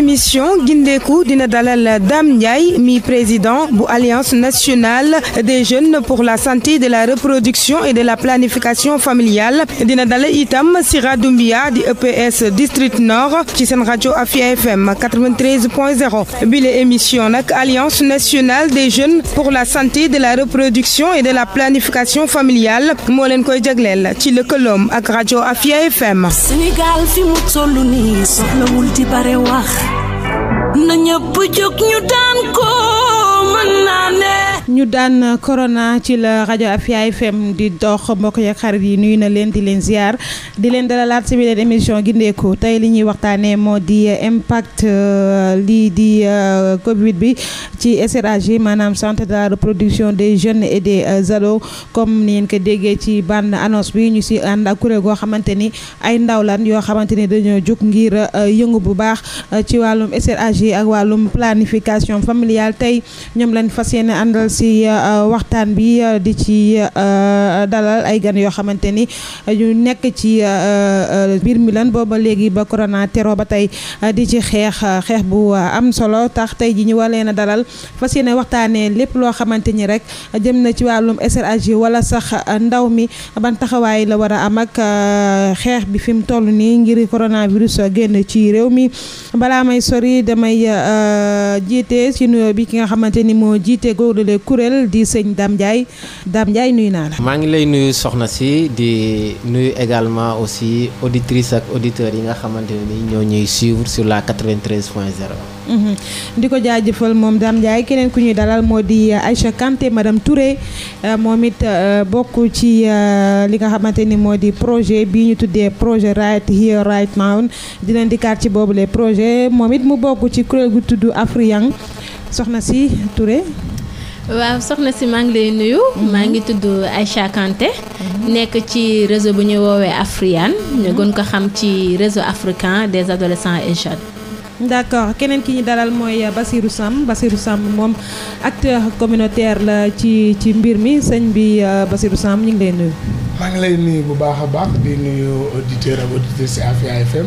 émission gindeeku dina dalal Dame Ndiaye mi président bu alliance nationale des jeunes pour la santé de la reproduction de la planification familiale dina dalal itam Sira Doumbia di EPS district nord ci seen rajo Afia FM 93.0 bile émission nag alliance nationale des jeunes pour la santé de la reproduction de la planification familiale moo leen koy jagleel ci lëkkaloom ak rajo Afia na ñëpp jóg ñu daan ko mën naa ne ñu daan corona ci la rajo Afia FM di dox mbokk yeeg xarit yi nuyu na leen di leen ziar di leen dalalaat si biir émission gindeeku tey li ñuy waxtaanee moo di euh, impact euh, lii di euh, Covid bi ci SRAG maanaam centre de la reproduction des jeunes et des ados comme ni ngeen ko déggee ci bande annonce bi ñu si ànd ak kuréel goo xamante ni ay ndaw yoo xamante ni dañoo jóg ngir yëngu bu baax ci wàllum SRAG ak wàllum planification familiale tey ñoom lañ fas yéene àndal. si euh, waxtaan bi euh, di ci euh, dalal ay gan yoo xamante ni ñu nekk ci mbir mi lan booba léegi ba corona tero ba tey di ci xeex xeex bu am solo tax tey ji ñu war leen a dalal fas yéene waxtaanee lépp loo xamante ni rek jëm na ci wàllum SRAG wala sax ndaw mi ban taxawaay la war a am ak xeex bi fi mu toll nii ngir coronavirus génn ci réew mi balaa may sori damay jiite ci nuyoo bi ki nga xamante ni moo jiite góor kuréel di sëñ Dame Ndiaye Dame Ndiaye nuyu naa maa ngi lay nuyu soxna si di nuyu également aussi auditrice ak auditeurs yi nga xamante ne ni ñoo ñuy suivre sur la 93 point 0. Mhm. di ko jaajëfal moom Dame Ndiaye keneen ku ñuy dalal moo di euh, Aïcha Kanté madame Touré euh, moom it euh, bokk ci li nga xamante ni moo di projet bii ñu tuddee projet right here right now dina ndikaat ci boobu les projet moom it mu bokk ci kuréel gu tudd Afriyang soxna si Touré waaw soxna si maa ngi lay nuyu. Mhm. maa ngi tudd Aïcha Kanté. Mhm. nekk ci réseau bu ñuy woowee Afriane. ñu mhm. gën ko xam ci réseau africain des adolescents et jeunes. d' accord keneen ki ñu dalal mooy Basirou Samb Basirou sàmm moom acteur communautaire la ci ci mbir mi sëñ bi euh, Basirou Samb ñu ngi lay nuyu. maa ngi lay nuyu bu baax a baax di nuyu auditeurs ak auditrices ci Afia FM.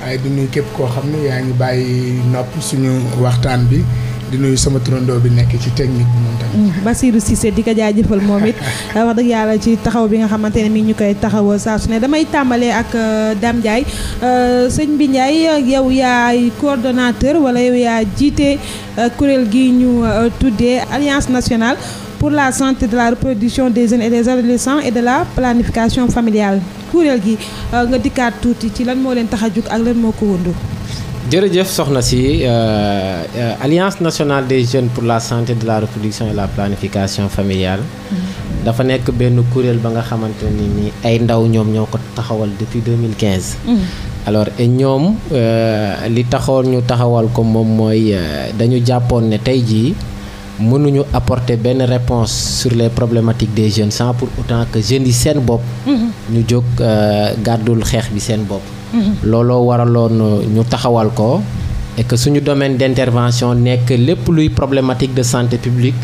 waaye di nuyu képp koo xam ne yaa ngi bàyyi nopp suñu waxtaan bi. di nuyu sama turandoo bi nekk ci technique bi moom tamit. Mm, Basirou Cissé di ko jaajëfal moom it wax dëgg yàlla ci taxaw bi nga xamante ne mi ñu koy taxaw saa su ne damay tàmbalee ak euh, dam Ndiaye euh, sëñ bi Ndiaye yow yaay coordonnateur wala yow yaa jiite euh, kuréel gi ñu tuddee alliance nationale pour la santé de la reproduction des jeunes et des adolescents et de la planification familial kuréel gi nga dikkaat tuuti ci lan moo leen tax a jug ak lan moo ko wëndu. jërëjëf soxna si euh, alliance nationale des jeunes pour la santé de la reproduction et la planification familiale. Mm-hmm. dafa nekk benn kuréel ba nga xamante ni nii ay ndaw ñoom ñoo ko taxawal depuis 2015. Mm-hmm. alors et ñoom euh, li taxoon ñu taxawal ko moom mooy euh, dañu jàppoon ne tey jii mënuñu apporter benn réponse sur les problématiques des jeunes sans pour autant que jeune yi seen bopp. Mm-hmm. ñu jóg gàddul xeex bi seen bopp. looloo waraloon ñu taxawal ko et que suñu domaine d'intervention nekk lépp luy problématique de santé publique.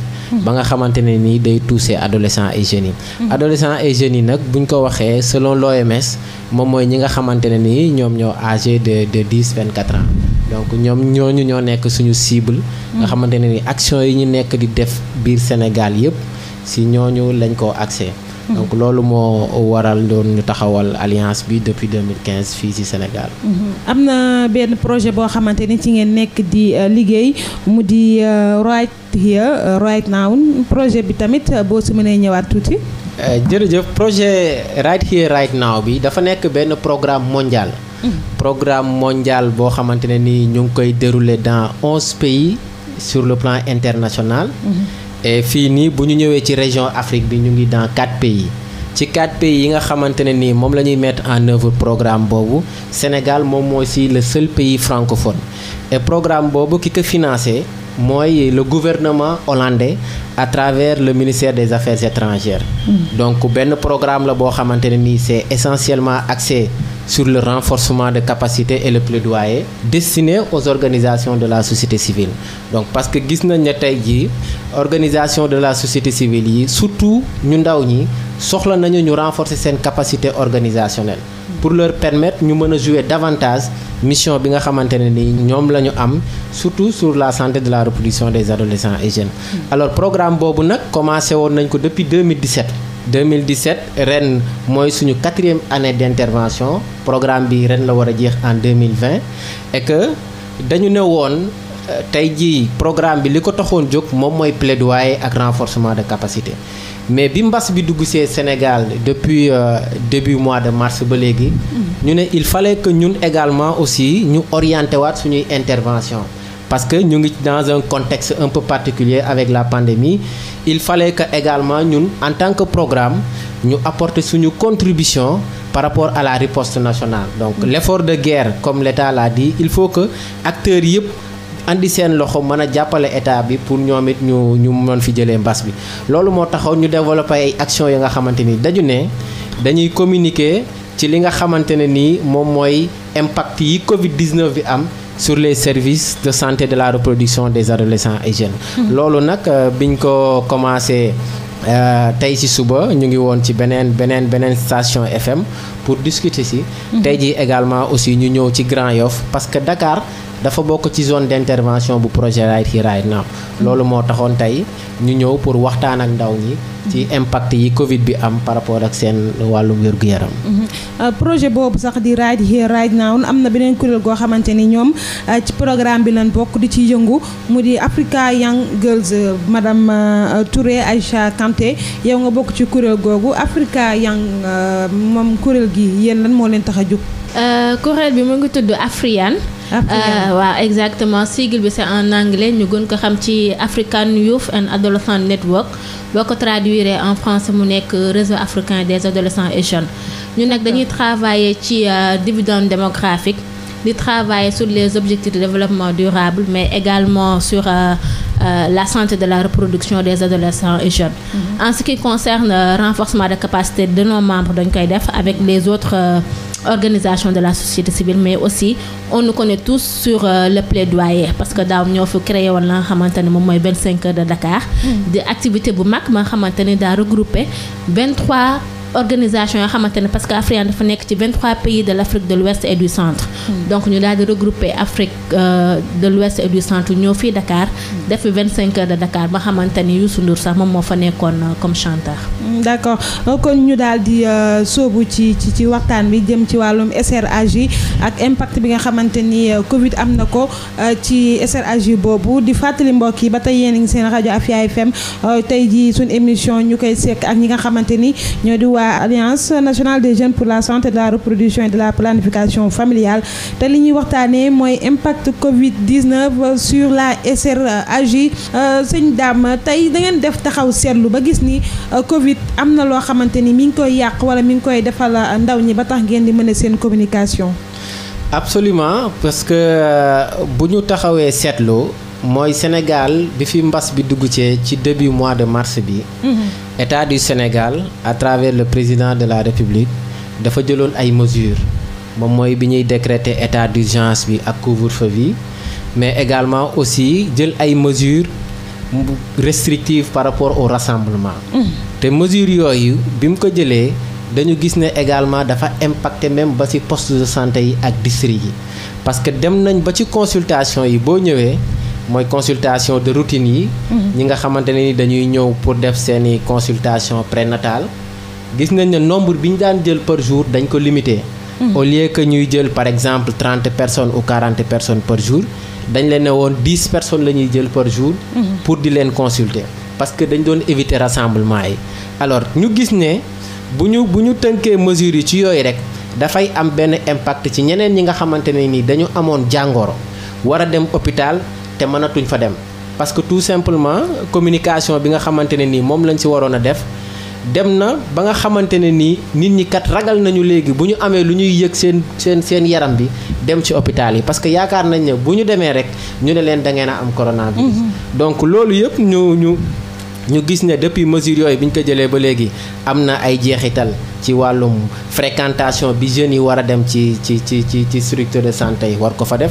ba nga xamante ne nii day toucher adolescents et jeunes yi. Mm-hmm. adolescents et jeunes yi nag buñ ko waxee selon lomes moom mooy ñi nga xamante ne nii ñoom ñoo âgé de de dix vingt quatre ans. donc ñoom ñoo ñu ñoo nekk suñu cible. Mm-hmm. nga xamante ne nii action yi ñu nekk di def biir Sénégal yépp si ñooñu lañ ko accès. donc loolu moo waral doon ñu taxawal alliance bi depuis 2015 fii ci Sénégal. Mm-hmm. am na benn projet boo xamante ni ci ngeen nekk di euh, liggéey mu di euh, right here euh, right now projet bi tamit boo su mënee ñëwaat tuuti. jërëjëf projet right here right now bi dafa nekk benn programme mondial. Mm-hmm. programme mondial boo xamante ne ni ñu ngi koy dérouler dans onze pays sur le plan international. Mm-hmm. et fii nii bu ñu ñëwee ci région Afrique bi ñu ngi dans quatre pays ci quatre pays yi nga xamante ne nii moom la ñuy mettre en œuvre programme boobu Sénégal moom moo si le seul pays francophone et programme boobu ki ko financé mooy le gouvernement hollandais à travers le ministère des affaires étrangères. Mm. donc benn programme la boo xamante ne nii c'est essentiellement axé. sur le renforcement de capacité et le plaidoyer destiné aux organisations de la société civile donc parce que gis nañ ne tey jii organisation de la société civile yi surtout ñu ndaw ñi soxla nañu ñu renforcer seen capacité organisationnelle pour leur permettre ñu mën a jouer davantage mission bi nga xamante ne ni ñoom la ñu am surtout sur la santé de la reproduction des adolescents et jeunes alors programme boobu nag commencé woon nañ ko depuis 2017 2017 ren mooy suñu quatrième année d'intervention programme bi ren la war a jeex en 2020 et que dañu ne woon euh, tey jii programme bi li ko taxoon jóg moom mooy plaidoyer ak renforcement de capacité mais bi mbas bi dugg see Sénégal depuis euh, début mois de mars ba léegi mm-hmm. ñu ne il fallait que ñun également aussi ñu orienté waat suñuy intervention parce que ñu ngi dans un contexte un peu particulier avec la pandémie il fallait que également ñun en tant que programme ñu apporte suñu contribution par rapport à la riposte nationale donc mm. l'effort de guerre comme l'État l'a dit il faut que acteurs yëpp indi seen loxo mën a jàppale état bi pour ñoom it ñu ñu mën fi jëlee mbas bi loolu moo taxaw ñu développé ay actions yi nga xamante ni dañu ne dañuy communiquer ci li nga xamante ne nii moom mooy impact yi Covid 19 bi am. sur les services de santé de la reproduction des adolescents et jeunes. Mhm. loolu nag euh, biñ ko commencé euh, tey ci suba ñu ngi woon ci beneen beneen beneen station FM pour discuter ci. Mhm. tey ji également aussi ñu ñëw ci Grand Yoff parce que Dakar. dafa bokk ci zone d'intervention bu projet Right Here Right Now loolu moo taxoon tey ñu ñëw pour waxtaan ak ndaw ñi ci impact yi Covid bi am par rapport ak seen wàllu wér-gu-yaram. Mhm. Euh, projet boobu sax di Right Here Right Now am na beneen kuréel goo xamante ni ñoom euh, ci programme bi lañ bokk di ci yëngu mu di Africa Young Girls euh, madame Touré Aïcha Kanté yow nga bokk ci kuréel googu Africa Young moom kuréel gi yéen lan moo leen tax a jóg. kuréel bi mu ngi tudd Afriane. Ah, euh, waa exactement sigle bi c'est en anglais ñu gën ko xam ci African Youth and Adolescent Network boo ko traduire en français mu nekk réseau africain des adolescents et jeunes ñu nag dañuy travailler ci euh, dividende démographique di travailler sur les objectifs de développement durable mais également sur euh, euh la santé de la reproduction des adolescents et jeunes. Mm En ce qui concerne renforcement de capacité de nos membre dañ koy def avec les autres organisation de la société civile mais aussi on nous connaît tous sur euh, le plaidoyer parce que daaw ñoo fi créé woon la nga xamante ne moom mooy 25 heures de Dakar. Mm. di activité bu mag ma xamante daal daa regroupé 23. organisation yoo xamante ne parce que Afriane dafa nekk ci 23 pays de l' de l'Ouest et du centre. donc ñu daal regrouper Afrique euh, de l'Ouest et du centre ñëw fii Dakar. def fi 25 heures de Dakar sax moom moo fa nekkoon euh, comme chanteur. Mm, d' accord euh, kon ñu bi jëm ci wàllum SRAJ ak impact bi nga xamante ni Covid am na ko ci SRAJ boobu di fàttali mbokk yi ba tey yéen a ngi seen rajo Afia FM tey jii suñu émission ñu koy sekk ak ñi nga xamante ñoo di waa waa alliance nationale de jeunes pour la santé de la reproduction et de la planification familiale te li ñuy waxtaanee mooy impact Covid 19 sur la SRAJ euh, sëñ Dame tey da ngeen def taxaw seetlu ba gis ni euh, Covid am na loo xamante ni mi ngi koy yàq wala mi ngi koy defal euh, ndaw ñi ba tax ngeen di mën a seen communication. absolument parce que bu ñu taxawee seetlu. mooy Sénégal bi fi mbas bi dugg cee ci debut mois de mars bi. Mhm. état du Sénégal à travers le président de la République dafa jëloon ay mesures moom mooy bi ñuy décréter état gence bi ak couvre-feu mais également aussi jël ay mesures restrictives par rapport au rassemblement. Mhm. te mesures yooyu bi mu ko jëlee. dañu gis ne également dafa impacté même ba ci post de santé yi ak district yi parce que dem nañ ba ci consultation yi boo ñëwee mooy consultation de routine yi. Mhm. ñi nga xamante ne ni dañuy ñëw pour def seeni consultation prénatale gis nañ ne nombre bi ñu daan jël par jour dañ ko limité. Mhm. au lieu que ñuy jël par exemple trente personnes ou quarante personnes par jour dañ leen ne woon dix personnes la ñuy jël par jour. Mhm. pour di leen consulter parce que dañ doon éviter rassemblement yi. alors ñu gis ne bu ñu bu ñu tënkee mesure yi ci yooyu rek dafay am benn impact ci ñeneen ñi nga xamante ne ni dañu amoon jàngoro war te mënatuñ fa dem parce que tout simplement communication bi nga xamante ne nii moom lañ ci waroon a def dem na ba nga xamante ne nii nit ñi kat ragal nañu léegi bu ñu amee lu ñuy yëg seen seen seen yaram bi dem ci hôpital yi parce que yaakaar nañ ne bu ñu demee rek ñu ne leen da ngeen a am coronavirus. Mhm. donc loolu yëpp ñu ñu ñu gis ne depuis mesures yooyu bi ñu ko jëlee ba léegi am na ay jeexital ci wàllum fréquentation bi jeunes yi war a dem ci ci ci ci ci structure de sant yi war ko fa def.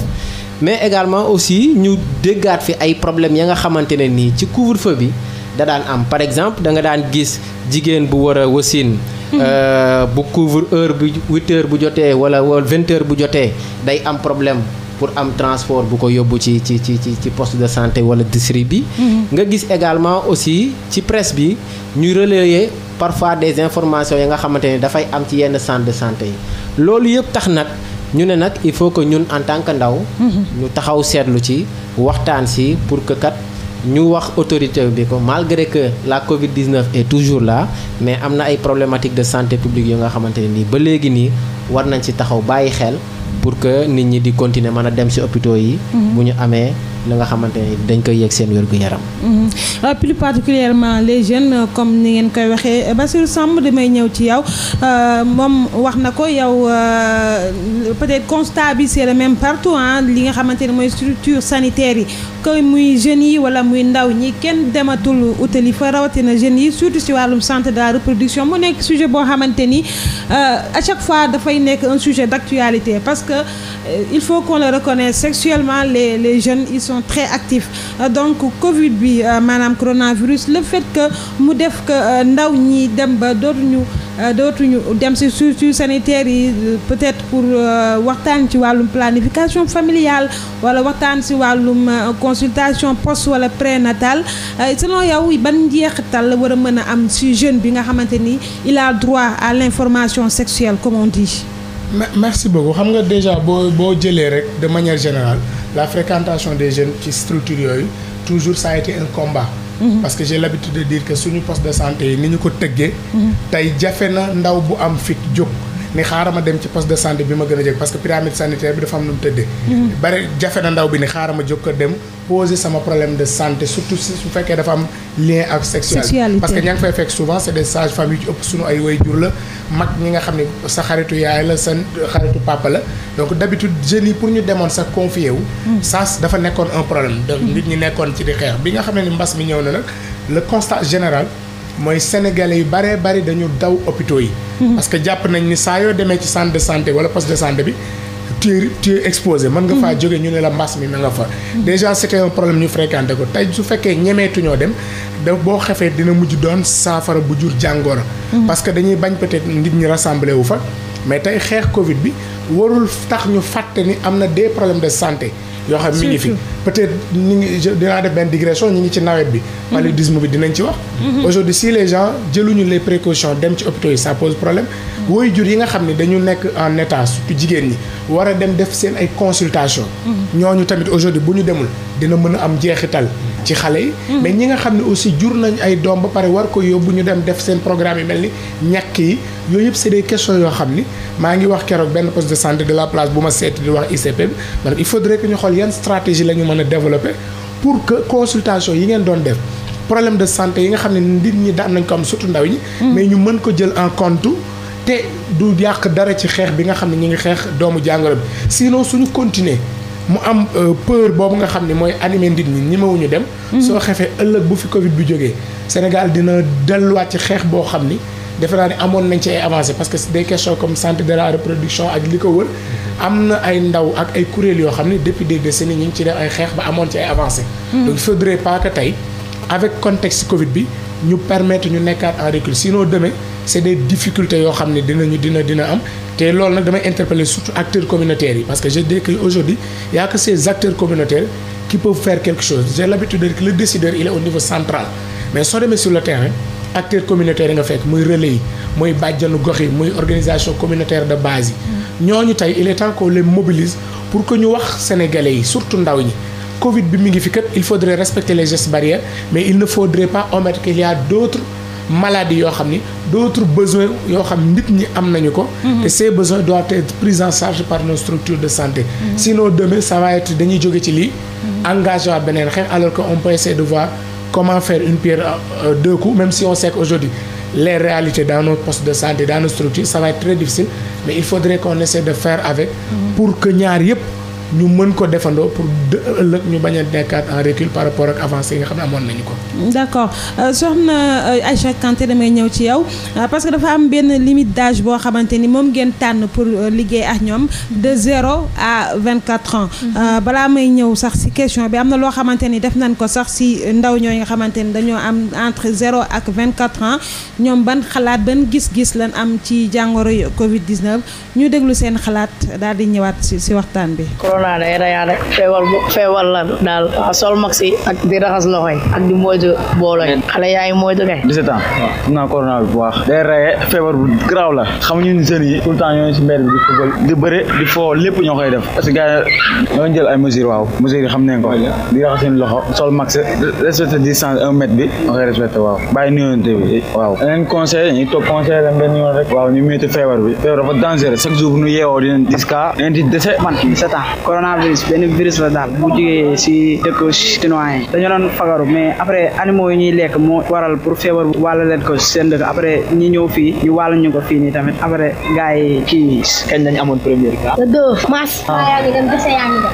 mais également aussi ñu déggaat fi ay problèmes ya nga xamante ne nii ci couvre-feu bi da daan am par exemple danga daan gis jigéen bu war a wasin mhm. euh, bu couvre heure bu huit bu jotee wala wala vingt bu jotee day am problème pour am transport bu ko yóbbu ci ci ci ci poste de santé wala district bi. Mhm. nga gis également aussi ci presse bi ñuy relayer parfois des informations yi nga xamante ne dafay am ci yenn centre de santé yi loolu yëpp tax nag. ñu ne nag il faut que ñun en tant que ndaw. Mhm. ñu taxaw seetlu ci waxtaan si pour que kat ñu wax autorité bi ko malgré que la Covid 19 est toujours la mais am na ay problématiques de santé publique yu nga xamante ne nii ba léegi nii war nañ ci taxaw bàyyi xel pour que nit ñi di continuer mën a dem si hôpitaux yi. mu mhm. ñu amee. li nga xamante ni dañ koy yegg seen wér-gu-yaram. Mhm. Euh, plus particulièrement les jeunes euh, comme ni ngeen koy waxee euh, Bassirou Samb damay ñëw ci yow moom wax na ko yow peut-être constat bi c'est le partout li nga xamante ni mooy structure sanitaire yi koy muy jeunes yi wala muy ndaw ñi kenn dematul utali fa rawatina jeunes yi surtout si wàllum santé de la reproduction mu nekk sujet boo xamante ni à chaque fois dafay nekk un sujet d'actualité parce que il faut qu'on le reconnaisse les les jeunes sont très actifs euh, donc Covid bi euh, maanaam coronavirus le fait que mu def que euh, ndaw ñi dem ba dootuñu dootuñu dem si structures sanitaires yi peut-être pour waxtaan ci wàllum planification familiale wala waxtaan si wàllum consultation post wala prénatal selon yow ban njeexital la war a mën a am si jeune bi nga xamante ni il a droit à l'information sexuelle comme on dit. merci beaucoup xam nga déjà boo boo jëlee rek de manière générale. la fréquentation des jeunes ci structure yooyu toujours ça été un combat mhm. parce que j'ai l'habitude de dire que suñu poste de santé yi ni ñu ko tëggee mhm. tey jafe na ndaw bu am fit jóg ni xaaral ma dem ci poste de santé bi ma gën a jege parce que pyramide sanitaire bi dafa am nu tëddee. Mhm. bari jafe na ndaw bi ni xaaral ma jóg ko dem poser sama problème de santé surtout su fekkee dafa am lien ak sexualité parce que ña ngi fay fekk souvent c'est des sages femmes yu ci ëpp sunu ay waajur la mag ñi nga xam ne sa xaritu yaay la sa xaritu papa la donc d'habitude jeunes yi pour ñu demoon sa confier wu. Mm. ça dafa nekkoon un problème. donc mm. nit ñi nekkoon ci di xeex bi nga xam ni mbas mi ñëw na le constat général. mooy sénégalais yu baree bari dañu daw hôpitaux yi. Mhm. parce que jàpp nañ ni saa yoo demee ci centre de santé wala poste de santé bi. tu exposé mën nga faa mhm. jóge ñu ne la mbas mi ma nga fa. Mhm. déjà c'était problème ñu fréquenté ko tey su fekkee ñemeetuñoo dem da boo xefee dina mujj doon saafara bu jur jàngoro. parce que dañuy bañ peut-être nit ñi rassemblé wu fa. mais tey xeex Covid bi warul tax ñu fàtte ni am na des problème de santé. yoo xam mi ngi fii peut-être ñu ngi dinaa def ñu ngi ci nawet bi. paludisme bi dinañ ci wax. Mhm. aujourd'hui si les gens jëluñu les précautions dem ci hôpitaux yi ça pose problème. Mhm. wooy jur yi nga xam ne dañu nekk en état surtout jigéen ñi war a dem def seen ay consultation mhm. ñooñu tamit aujourd'hui bu ñu demul dina mën a am jeexital. ci xale yi. mais ñi nga xam ne aussi jur nañ ay doom ba pare war ko yóbbu ñu dem def seen programme yi mel ni ñàkk yi yooyu yëpp c'est des questions yoo xam ni maa ngi wax keroog benn poste de santé de la xool yan stratégie la ñu mën a développer pour que consultation yi ngeen doon def problème de santé yi nga xam ne nit ñi daan nañ ko am surtout ndaw ñi. Mm. mais ñu mën ko jël en compte. te du yàq dara ci xeex bi nga xam ne ñu ngi xeex doomu jàngoro bi sinon suñu continuer mu am euh, peur boobu nga xam ne mooy animé nit ñi ñemewuñu dem. Mm. soo xefee ëllëg bu fi Covid bi jógee Sénégal dina delluwaat ci xeex boo xam ni. defe naa ne amoon nañ ci ay avancé parce que des questions comme santé de la reproduction ak li ko wër am na ay ndaw ak ay kuréel yoo xam ne depuis des décennies ñu ngi ci def ay xeex ba amoon ci ay avancé hmm. donc il faudrait pas que tey avec contexte Covid bi ñu permettre ñu nekkaat en recul sinon demain c'est des difficultés yoo xam ne dina ñu dina dina am te lool nag damay interpeller surtout acteurs communautaires yi parce que je dis que aujourd'hui y a que ces acteurs communautaires qui peuvent faire quelque chose j'ai l'habitude de dire que le décideur il est au le terrain acteurs communautaires nga fekk muy relais yi muy bàjjanu gox yi muy organisation communautaire de base yi. Mm. ñooñu tey il est temps qu'on les pour que ñu wax sénégalais yi surtout ndaw ñi. Covid bi mi ngi fi kat il faudrait respecte les gestes barrières mais il ne faudrait pas omettre qu'il y d'autres maladies yoo xam ni d'autres besoins yoo xam nit ñi am nañu ko. Mm-hmm. te ces besoins doivent être pris en charge par nos structures de santé. Mm -hmm. sinon demain ça va dañuy jóge ci lii. Mm-hmm. engagé beneen xeex on de voir. comment faire une pierre euh, deux coups, si on sait qu'aujourd'hui, les réalités dans nos postes de santé, dans nos structures, ça va très difficile, mais il faudrait qu'on essaie de faire avec mhm. pour que Nyariep ñu mën ko defandoo pour de ëllëg ñu bañ a nekkaat en recul par rapport ak avancé yi nga xam ne amoon nañu ko. d' na euh, soxna euh, Aïcha Kanté damay ñëw ci yow euh, parce que dafa am benn limite d' âge boo xamante ni moom ngeen tànn pour liggéey ak ñoom de zéro à vingt quatre ans. Mhm. balaa may ñëw sax si question bi am na loo xamante ni def nañ ko sax si ndaw ñooñu nga xamante ni dañoo am entre zéro ak vingt quatre ans ñoom ban xalaat ban gis-gis lan am ci jàngoro Covid 19 ñu déglu seen xalaat daal di ñëwaat si si waxtaan bi. naa day rayaane feebar bu feebar la daal waaw sol max yi ak di raxas xam naa la xamuñu ni jeunes yi tout le temps ñooñu si mbedd bi di football di bëre di foo lépp ñoo koy def parce que gars yi ñoo jël ay mesures waaw mesures yi xam nañ ko di raxas seen loxo sol max respecté distance un mètre bi ñoo koy respecté waaw bàyyi nuyonte bi waaw leen waaw ñu métti feebar bi feebar dafa dangereux chaque jour bu yeewoo dinañ gis man 17 coronavirus benn virus la daal bu jugee si dëkk chinois yi dañoo doon fagaru mais après animaux yi ñuy lekk moo waral pour feebar wàll leen ko seen dëkk après ñi ñëw fii ñu wàll ñu ko fii nii tamit après gars yi kii kañ lañ amoon premier cas. le deux mars. Ah. ngi dem dese yaa ngi dem.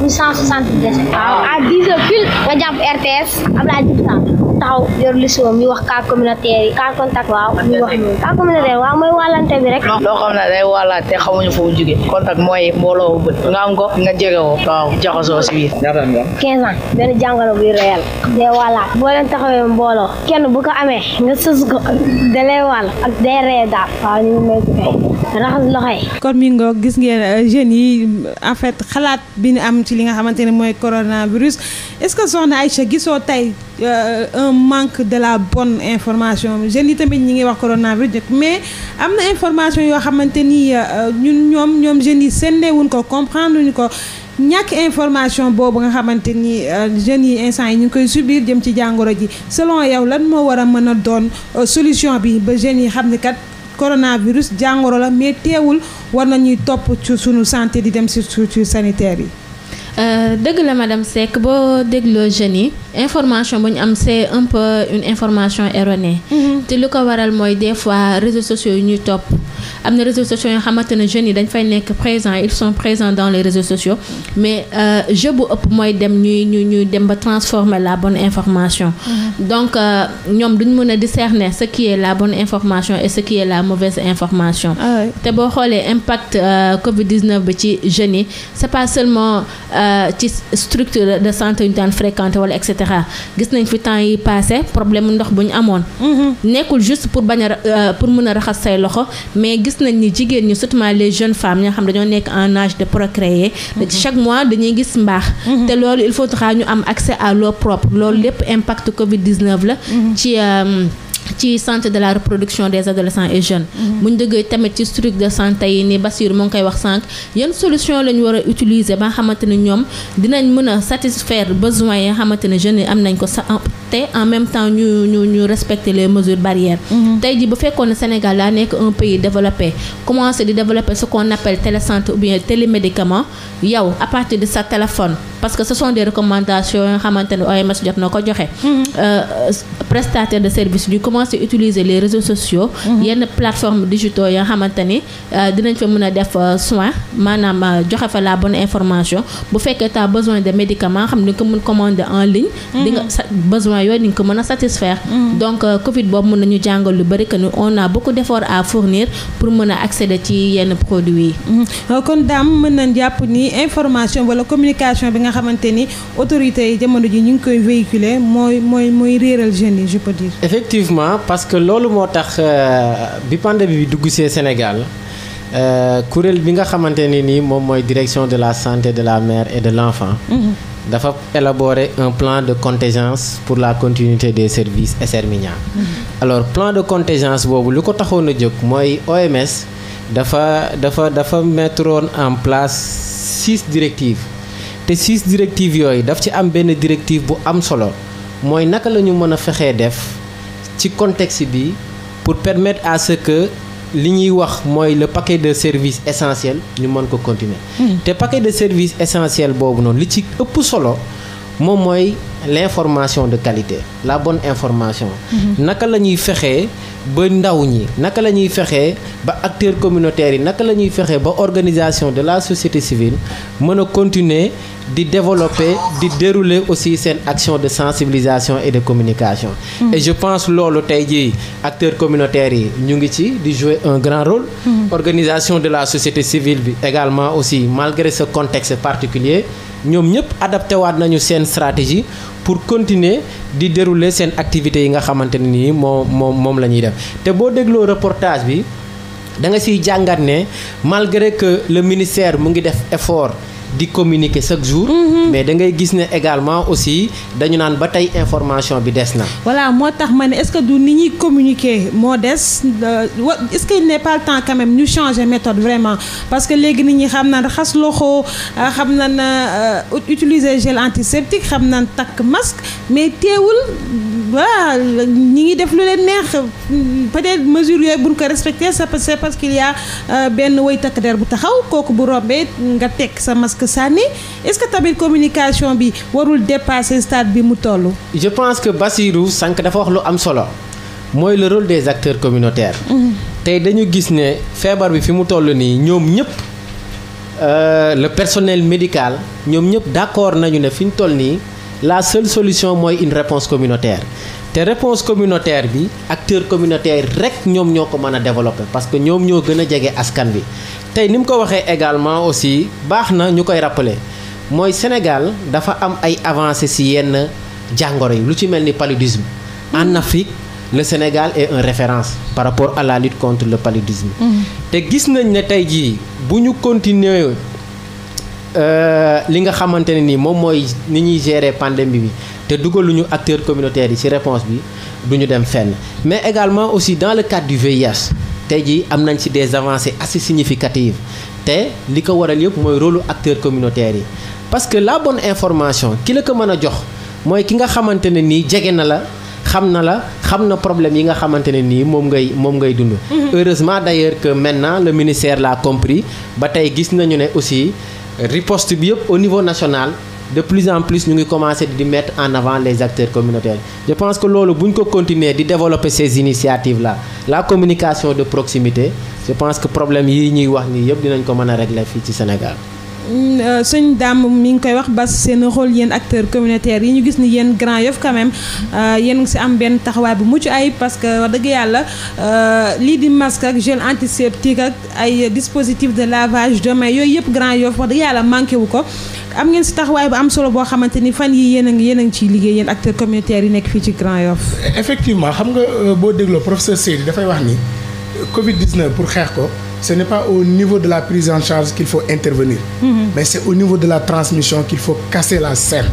huit cent soixante ah. nga jàpp RTS Abdoulaye Diouf Sarr. taxaw yor li wax cas communautaire yi cas contact waaw ñu wax ñun cas communautaire waaw mooy wàllante bi rek loo xam ne day wàllante xamuñu foofu jóge contact mooy mbooloo bët nga am ko nga jege woo waaw jaxasoo si biir ñaata nga quinze taxawee mbooloo kenn bu ko amee nga sës ko da lay ak day ree daal waaw ñu ngi may raxas loxo yi kon gis ngeen euh, jeunes yi en fait xalaat bi ñu am ci li nga xamante ne mooy coronavirus est-ce que soxna Aïcha gisoo tey Euh, un manque de la bonne information jeunes yi tamit ñi ngi wax coronavirus mais am na information yoo xamante ni euh, ñun ñoom ñoom jeunes yi sendeewuñ ko comprendre ñu ko ñàkk information boobu nga xamante ni euh, jeunes yi instant yi ñu ngi koy subir jëm ci jàngoro ji selon yow lan moo war a mën a doon solution bi ba jeunes yi xam ne kat coronavirus jàngoro la mais teewul war nañuy topp ci sunu santé di dem ci structure sanitaire yi Euh, dëgg la madame Seck boo dégloo jeunes information bu ñu am c'est un peu une information erronée. Mm-hmm. te lu ko waral mooy des fois réseaux sociaux yi ñuy topp am na réseaux sociaux yoo xamante ne jeunes yi dañ fay nekk présents ils sont présents dans les réseaux sociaux mais euh, jeu bu ëpp mooy dem ñuy ñu ñuy dem ba transformer la bonne information. Mm-hmm. donc euh, ñoom duñ mën a discerner ce qui est la bonne information et ce qui est la mauvaise information. Ah te boo xoolee impact Covid ci structure de santé yu ñu daan wala et cetera gis nañ fi temps yi passé problème ndox bu ñu amoon. Mhm. nekkul juste pour bañ a euh, pour mën a raxas say loxo mais gis nañ ni jigéen ñi surtout les jeunes femmes ñoo xam dañoo nekk en âge de procréer. Mhm. chaque mois dañuy gis mbaax. Mhm. te loolu il faudra ñu am accès à l'eau propre loolu lépp impact Covid 19 la. ci. Euh, ci centre de la reproduction des adolescents et jeunes. Mhm. bu ñu dëggee tamit ci structure de santé yi ni Bassirou mu ngi koy wax sànq yan solution la ñu war a utiliser ba nga ne ñoom dinañ mën satisfaire besoins yi nga xamante yi am nañ ko sa te en même temps ñu ñu ñu respecter les mesures barrières. Mhm. tey jii bu fekkoon ne Sénégal daa nekk un pays développé commencé di développer ce qu'on appelle télésanté ou bien télémédicament yow à de sa téléphone parce que ce sont des recommandations yoo xamante ne OMS jot commencé utiliser les réseaux sociaux. Mhm. yenn plateforme digitaux yoo xamante ni euh, dinañ fa mën a def euh, soin maanaam euh, joxe fa la bonne information bu fekkee t'as besoin de médicaments xam ni ko mën commander en ligne. Mhm. di nga besoin yooyu di nga ko mën a satisfaire. Mhm. donc Covid boobu mën nañu jàngal lu bari que ni on a beaucoup d'efforts à fournir pour mën a accéder ci yenn produits yi. kon daam mën nañ jàpp ni information wala communication bi nga xamante ni autorités yi jamono ji ñu ngi koy véhiculer mooy mooy mooy effectivement parce que loolu moo tax euh, bi pandémie bi dugg see Sénégal euh, kuréel bi nga xamante ni nii moom mooy direction de la santé de la mère et de l'enfant mhm. dafa élaborer un plan de contingence pour la continuité des services Eserminia mhm. alors plan de contégence boobu lu ko taxoon a jóg mooy OMS dafa dafa dafa mettroon en place six directive te six directives yooyu daf ci am benn directive bu am solo mooy naka la ñu mën a fexee def ci contexte bi pour permettre à ce que li ñuy wax mooy le paquet de service essentiels ñu mën ko continuer. Hmm. te paquet de service essentiels boobu noonu li ci ëpp solo moom mooy l'information de qualité la bonne information. naka la ñuy fexee ba ndaw ñi naka la ñuy fexee ba acteurs communautaires yi naka la ñuy fexee ba organisation de la société civile mën a continuer di développer di dérouler aussi seen action de sensibilisation et de communication. Mm-hmm. et je pense loolu tey jii acteurs communautaires yi ñu ngi ci di jouer un grand rôle. Mm-hmm. organisation de la société civile bi également aussi malgré ce contexte particulier ñoom ñëpp adapté waat nañu seen stratégie. pour continuer di dérouler seen activités yi nga xamante ne nii moom moom moom la ñuy def te boo dégloo reportage bi da nga siy jàngat ne malgré que le ministère mu ngi def effort. di communiqué chaque jour. Mhm. mais da ngay gis ne également aussi dañu naan ba tey information bi des na. voilà moo tax ma ne est-ce que du ni ñuy communiquer moo des euh, est-ce qu'il temps quand même ñu changer méthode vraiment parce que léegi nit ñi xam na raxas loxo euh, xam na na euh, utiliser gel antiseptique xam na takk masque mais teewul voilà ñi ngi def lu leen neex peut-être mesure yooyu buñ ko respecté c'est parce qu'il y benn woy takk der bu taxaw kooku bu rombee nga tekk sa masque. masque sànni est-ce que tamit communication bi warul dépasser stade bi mu toll. je pense que Bassirou Sànq dafa wax lu am solo mooy le rôle des acteurs communautaires. Mhm. tey dañu gis ne feebar bi fi mu toll nii ñoom ñëpp euh, le personnel médical ñoom ñëpp d'accord nañu ne fi ñu toll nii la seule solution mooy une réponse communautaire. te réponse communautaire bi acteur communautaire rek ñoom ñoo ko mën a développer parce que ñoom ñoo gën a jege askan bi tey ni mu ko waxee également aussi baax na ñu koy rappeler mooy Sénégal dafa am ay avancées ci yenn jàngoro yi lu ci mel ni paludisme en mm-hmm. Afrique le Sénégal et une référence par rapport à la lutte contre le paludisme. Mm-hmm. te gis nañ ne tey jii bu ñu continuer euh, li nga xamante ne ni moom mooy ni ñuy gérer pandémie bi te dugaluñu acteurs communautaire yi ci réponse bi. du ñu dem fenn mais également aussi dans le cadre du tey ji am nañ ci des avancées assez significatives te li ko waral yëpp mooy rôle acteur communautaire yi parce que la bonne information ki la ko mën a jox mooy ki nga xamante ne nii jege na la xam na la xam na problème yi nga xamante ne nii moom ngay moom ngay dund mhm. heureusement d'ailleurs que maintenant le ministère l'a compris ba tey gis nañu ne aussi ripost bi yëpp au niveau national de plus en plus ñu ngi commencé di mettre en avant les acteurs communautaires je pense que loolu bu ñu ko continuer di développer ces initiatives là la communication de proximité je pense que problème yi ñuy wax nii yëpp dinañ ko mën a régler fii ci Sénégal Mm, euh, sëñ Dame mi ngi koy wax bas seen rôle yéen acteur communautaire yi ñu gis ni yéen Grand Yoff quand même euh, yéen ngi si am benn taxawaay bu mucc ay parce que wax dëgg yàlla euh, lii di masque ak gel antiseptique ak ay dispositif de lavage de main yooyu yëpp Grand Yoff wax dëgg yàlla manqué wu ko am ngeen si taxawaay bu am solo boo xamante ni fan yi yéen a ngi yéen a ngi ci liggéey yéen acteurs communautaires yi nekk fii ci Grand Yoff effectivement xam nga boo dégloo professeur dafay wax ni Covid 19 pour xeex ko. ce n'est pas au niveau de la prise en charge qu'il faut intervenir mm mais c'est au niveau de la transmission qu'il faut casser la chaîne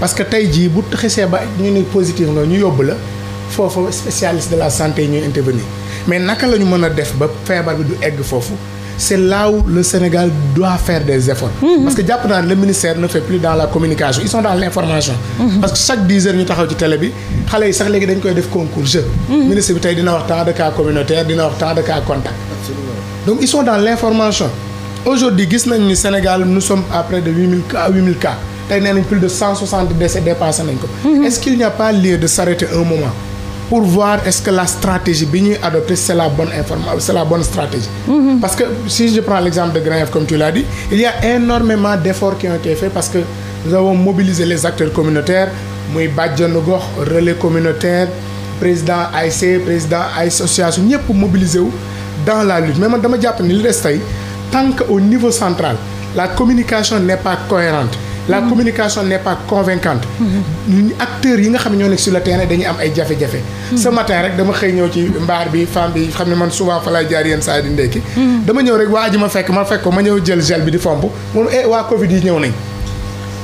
parce que tey jii bu xesee ba ñu ne positif nga ñu yóbbu la foofu spécialiste de la santé ñuy intervenir mais naka la ñu mën a def ba feebar bi du egg foofu c'est là où le Sénégal doit faire des efforts. Mmh. parce que jàpp naa ne ministère ne fait plus dans la communication ils sont dans l'information. Mhm. parce que chaque dix heures ñu taxaw ci télé bi xale yi sax léegi dañ koy def concours jeu. Mhm. ministre bi tey dina wax tant de cas communautaire donc ils sont dans l'information. aujourd'hui gis nañ Sénégal nous sommes à de huit mille cas tey nee plus de cent soixante décès dépassé nañ ko. Mhm. est-ce qu'il n'y a pas lieu de s'arrêter un pour voir est-ce que la stratégie bi ñuy adopter c'est la bonne information c'est la bonne stratégie. Mm-hmm. parce que si je prends l'exemple de Grand F comme tu l'as dit il y a énormément d'efforts qui ont été faits parce que nous avons mobilisé les acteurs communautaires muy bàjjanu gox relais communautaire président AIC président ay association ñëpp mobiliser wu dans la lutte mais man dama jàpp ni li des tey tant que au niveau central la communication n'est pas cohérente la communication n'est pas convaincante. ñun acteurs yi nga xam ne ñoo nekk sur le terrain dañu am ay jafe-jafe. ce matin rek dama xëy ñëw ci mbaar bi femme bi xam ne man souvent fa laay jaar yenn saa yi di ndekki. dama ñëw rek waa ji ma fekk ma fekk ko ma ñëw jël gel bi di fomp moom eh waa Covid yi ñëw nañ.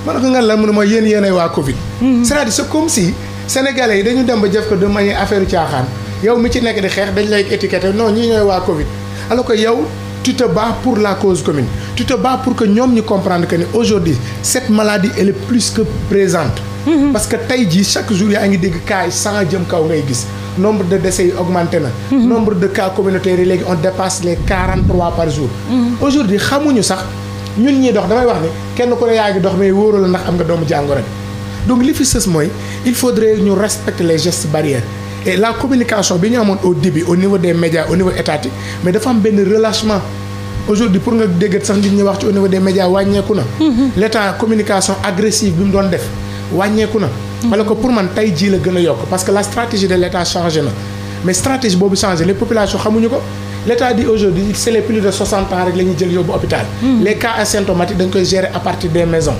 ma ne ko nga la mu ne mooy yéen yéenay waa Covid. c'est-à-dire c'est comme si sénégalais yi dañu dem ba jëf ko de manière affaire caaxaan yow mi ci nekk di xeex dañ lay étiqueté non ñii ñooy waa Covid alors que yow tu te bats pour la cause commune. tu te pour que ñoom ñu comprendre que ne aujourd'hui cette maladie elle est plus que présente mhm. parce que tey jii chaque jour yaa ngi dégg cas yi cent jëm kaw ngay gis nombre de décès yi augmenté na mm -hmm. nombre de cas communautaires yi léegi on dépasse les quarante trois par jour mm -hmm. aujourd'hui xamuñu sax ñun ñuy dox damay wax ne kenn ku ne yaa ngi dox mais wóoru la ndax am nga doomu jàngoro bi donc li fi sës mooy il faudrait ñu respecter les gestes barrières et la communication bi ñu amoon au au niveau des médias au niveau étatique mais dafa am benn relâchement aujourd'hui pour nga déggat sax nit ñi wax ci au niveau des médias wàññeeku na mm-hmm. l'état communication agressive bi mu doon def wàññeeku na mm-hmm. wala que pour man tey jii la gën a yokk parce que la stratégie de l'état changé na mais stratégie boobu changé les populations xamuñu ko l'état dit aujourd'hui c'est les plus de 60 ans rek la ñuy jël yóbbu hôpital mm-hmm. les cas asymptomatiques dañ koy gérer à partir des maisons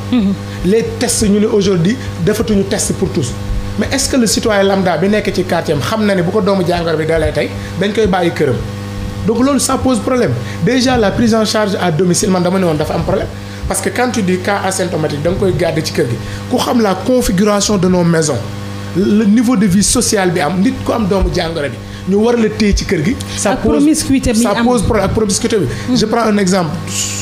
les ñu ne aujourd'hui defatuñu test pour tous mais bi nekk ci quartier am ne bu ko doomu jàngoro tey dañ koy bàyyi këram donc loolu ça pose problème déjà la prise en charge à domicile man dama ne woon dafa am problème parce que quand tu dis cas asymptomatique da nga koy garder ci kër gi ku xam la configuration de nos maisons niveau de vie sociale bi am nit ku am doomu jàngoro bi ñu war la téye ci kër gi. ça pose promiscuité bi ça pose problème ak promiscuité bi. je mm-hmm. prends un exemple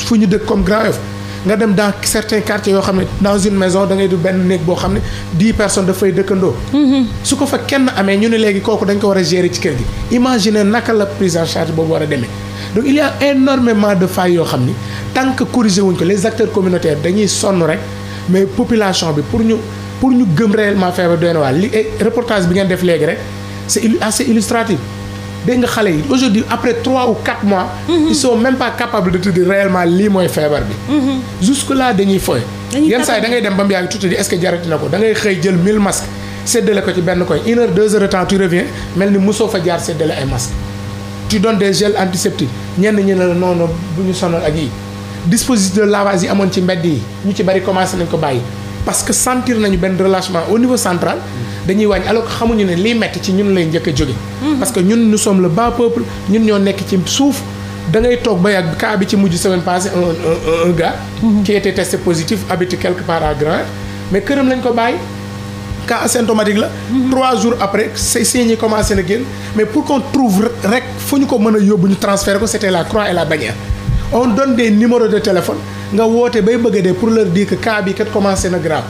fu ñu dëkk comme Grand Yoff nga dem dans certains quartiers yoo xam ne dans une maison da ngay du benn néeg boo xam ne dix personnes dafay dëkkandoo. Mm-hmm. su ko fa kenn amee ñu ne léegi kooku dañ ko war a gérer ci kër gi. imaginer naka la prise en charge boobu war a demee donc il énormément de failles yoo xam ni tant que corrigé wuñ ko les acteurs communautaires dañuy sonn rek mais population bi pour ñu pour ñu gëm réellement feebar doy na waar li eh, reportage bi ngeen def léegi rek c'est assez ah, illustratif. dégg nga xale yi aujourd'hui après trois ou quatre mois. Mhm. ils sont même pas capables de te dire lii mooy feebar bi. Mhm. jusque là dañuy fooy. yenn saa yi da ngay dem ba mu yàgg tuuti di est jarati na ko da ngay xëy jël mille masques séddale ko ci benn koy une heure deux heures de temps mel ni mosoo fa jaar séddale ay masques. tu donnes des gels antiseptiques ñenn ñi ne la non non bu ñu sonal ak yi dispositif lavage yi amoon ci mbedd yi ñu ci bari commencé nañ ko bàyyi. parce que sentir nañu benn relâchement au niveau central dañuy wàññi alors que xamuñu ne lii metti ci ñun lay njëkk a jóge mhm. parce que ñun nu sommes le bas peuple ñun ñoo nekk ci suuf da ngay toog ba yàgg cas bi ci mujj semaine passée un un un gars mhm. positif habite quelque part à Grand mais këram lañ ko bàyyi cas asymptomatique la mhm. trois jours après ces signes yi commencé na génn mais pour qu'on trouve rek fu ñu ko mën a yóbbu ñu transférer ko c'était la croix et la bannière on donne des numéros de téléphone nga woote bay bëgg de pour leur dire que cas bi kat commencé na grave